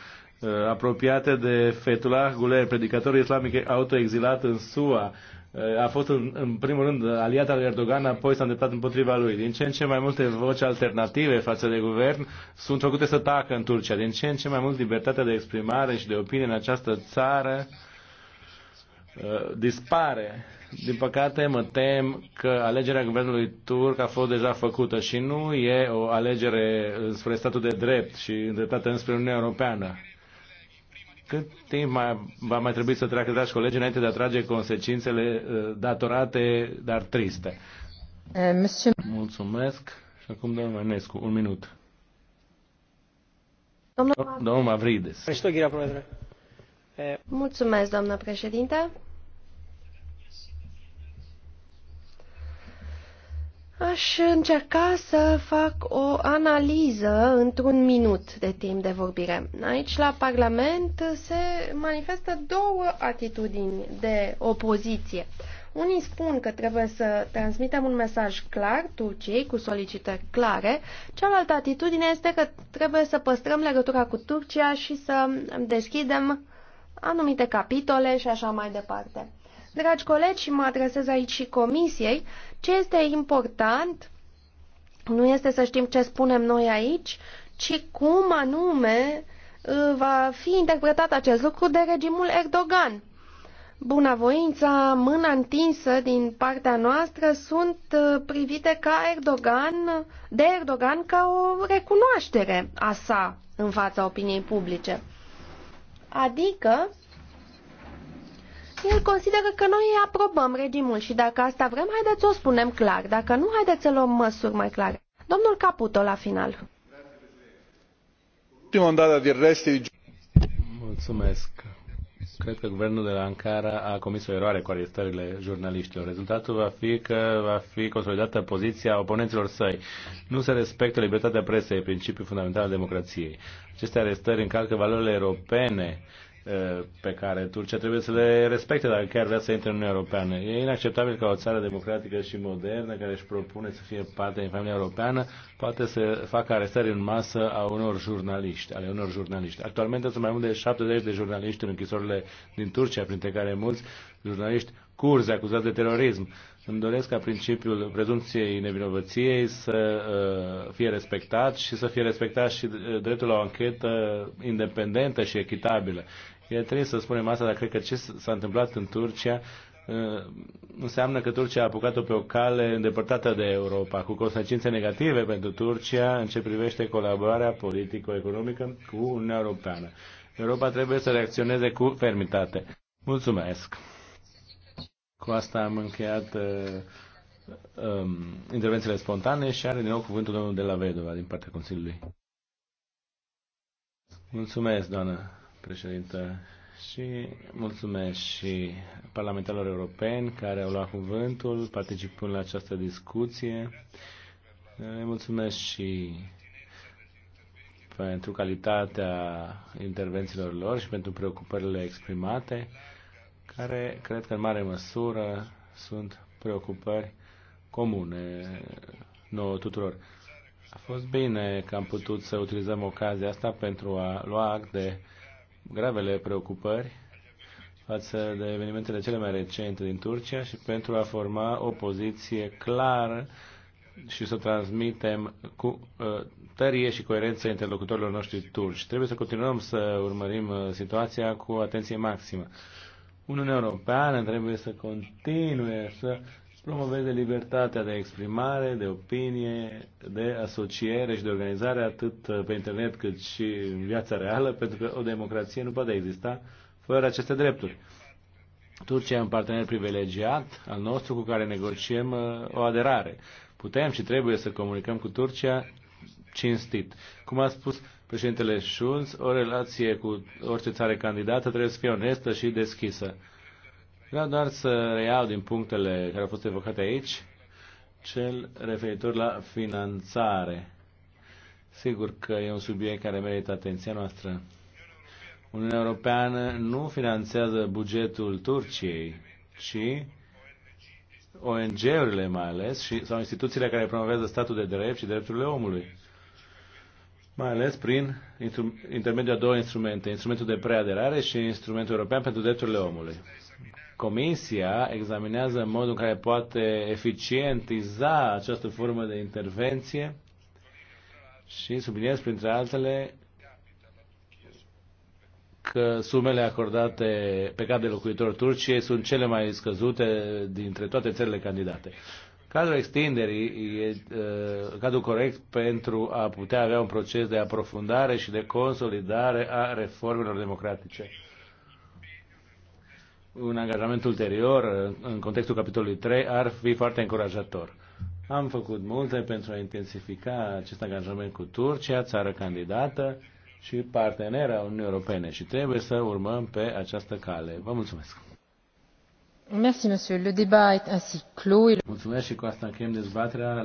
Speaker 2: apropiate de Fetullah Gulen, predicator islamic autoexilat în SUA, Eh, a fost în, în primul rând aliat al Erdogan, apoi s-a îndreptat împotriva lui. Din ce în ce mai multe voci alternative față de guvern sunt făcute să tacă în Turcia. Din ce în ce mai mult libertatea de exprimare și de opinie în această țară eh, dispare. Din păcate, mă tem că alegerea guvernului turc a fost deja făcută și nu e o alegere spre statul de drept și îndreptată înspre Uniunea Europeană. Cât timp mai, va mai trebui să treacă, dragi colegi, înainte de a trage consecințele uh, datorate, dar triste? Eh, Mulțumesc. Și acum domnul Mănescu, un minut.
Speaker 6: Domnul, domnul Mavrides.
Speaker 2: Eh,
Speaker 6: Mulțumesc, doamnă președinte. Aș încerca să fac o analiză într-un minut de timp de vorbire. Aici, la Parlament, se manifestă două atitudini de opoziție. Unii spun că trebuie să transmitem un mesaj clar Turciei cu solicitări clare, cealaltă atitudine este că trebuie să păstrăm legătura cu Turcia și să deschidem anumite capitole și așa mai departe. Dragi colegi, mă adresez aici și comisiei, ce este important nu este să știm ce spunem noi aici, ci cum anume uh, va fi interpretat acest lucru de regimul Erdogan. Bunavoința, mâna întinsă din partea noastră sunt uh, privite ca Erdogan, de Erdogan ca o recunoaștere a sa în fața opiniei publice. Adică el consideră că noi aprobăm regimul și dacă asta vrem, haideți o spunem clar. Dacă nu, haideți să luăm măsuri mai clare. Domnul Caputo, la final.
Speaker 2: Mulțumesc. Cred că guvernul de la Ankara a comis o eroare cu arestările jurnaliștilor. Rezultatul va fi că va fi consolidată poziția oponenților săi. Nu se respectă libertatea presei, principiul fundamental al democrației. Aceste arestări încalcă valorile europene Eh, pe care Turcia trebuie să le respecte dacă chiar vrea să intre în Uniunea Europeană. E inacceptabil ca o țară democratică și modernă care își propune să fie parte din familia europeană poate să facă arestări în masă a unor jurnaliști, ale unor jurnaliști. Actualmente sunt mai mult de 70 de jurnaliști în închisorile din Turcia, printre care mulți jurnaliști curzi acuzați de terorism. Îmi doresc ca principiul prezumției nevinovăției să eh, fie respectat și să fie respectat și eh, dreptul la o anchetă independentă și echitabilă. E trebuie să spunem asta, dar cred că ce s-a întâmplat în Turcia uh, înseamnă că Turcia a apucat-o pe o cale îndepărtată de Europa, cu consecințe negative pentru Turcia în ce privește colaborarea politico-economică cu Uniunea Europeană. Europa trebuie să reacționeze cu fermitate. Mulțumesc! Cu asta am încheiat uh, um, intervențiile spontane și are din nou cuvântul domnul de la Vedova din partea Consiliului. Mulțumesc, doamnă președintă. Și mulțumesc și parlamentarilor europeni care au luat cuvântul, participând la această discuție. Mulțumesc și pentru calitatea intervențiilor lor și pentru preocupările exprimate, care cred că în mare măsură sunt preocupări comune nouă tuturor. A fost bine că am putut să utilizăm ocazia asta pentru a lua act de gravele preocupări față de evenimentele cele mai recente din Turcia și pentru a forma o poziție clară și să transmitem cu uh, tărie și coerență interlocutorilor noștri turci. Trebuie să continuăm să urmărim uh, situația cu atenție maximă. Uniunea Europeană trebuie să continue să promoveze libertatea de exprimare, de opinie, de asociere și de organizare atât uh, pe internet cât și în viața reală, pentru că o democrație nu poate exista fără aceste drepturi. Turcia e un partener privilegiat al nostru cu care negociem uh, o aderare. Putem și trebuie să comunicăm cu Turcia cinstit. Cum a spus președintele Schulz, o relație cu orice țară candidată trebuie să fie onestă și deschisă. Vreau doar să reiau din punctele care au fost evocate aici, cel referitor la finanțare. Sigur că e un subiect care merită atenția noastră. Uniunea Europeană nu finanțează bugetul Turciei, ci ONG-urile mai ales și, sau instituțiile care promovează statul de drept și drepturile omului. Mai ales prin intermediul a două instrumente, instrumentul de preaderare și instrumentul european pentru drepturile omului. Comisia examinează modul în care poate eficientiza această formă de intervenție și subliniez printre altele că sumele acordate pe cap de locuitor Turciei sunt cele mai scăzute dintre toate țările candidate. Cadrul extinderii e uh, cadrul corect pentru a putea avea un proces de aprofundare și de consolidare a reformelor democratice un angajament ulterior uh, în contextul capitolului 3 ar fi foarte încurajator. Am făcut multe pentru a intensifica acest angajament cu Turcia, țară candidată și partenera Uniunii Europene și trebuie să urmăm pe această cale. Vă mulțumesc!
Speaker 4: Merci, monsieur. Le débat est ainsi clos. Mulțumesc și cu asta încheiem
Speaker 2: dezbaterea.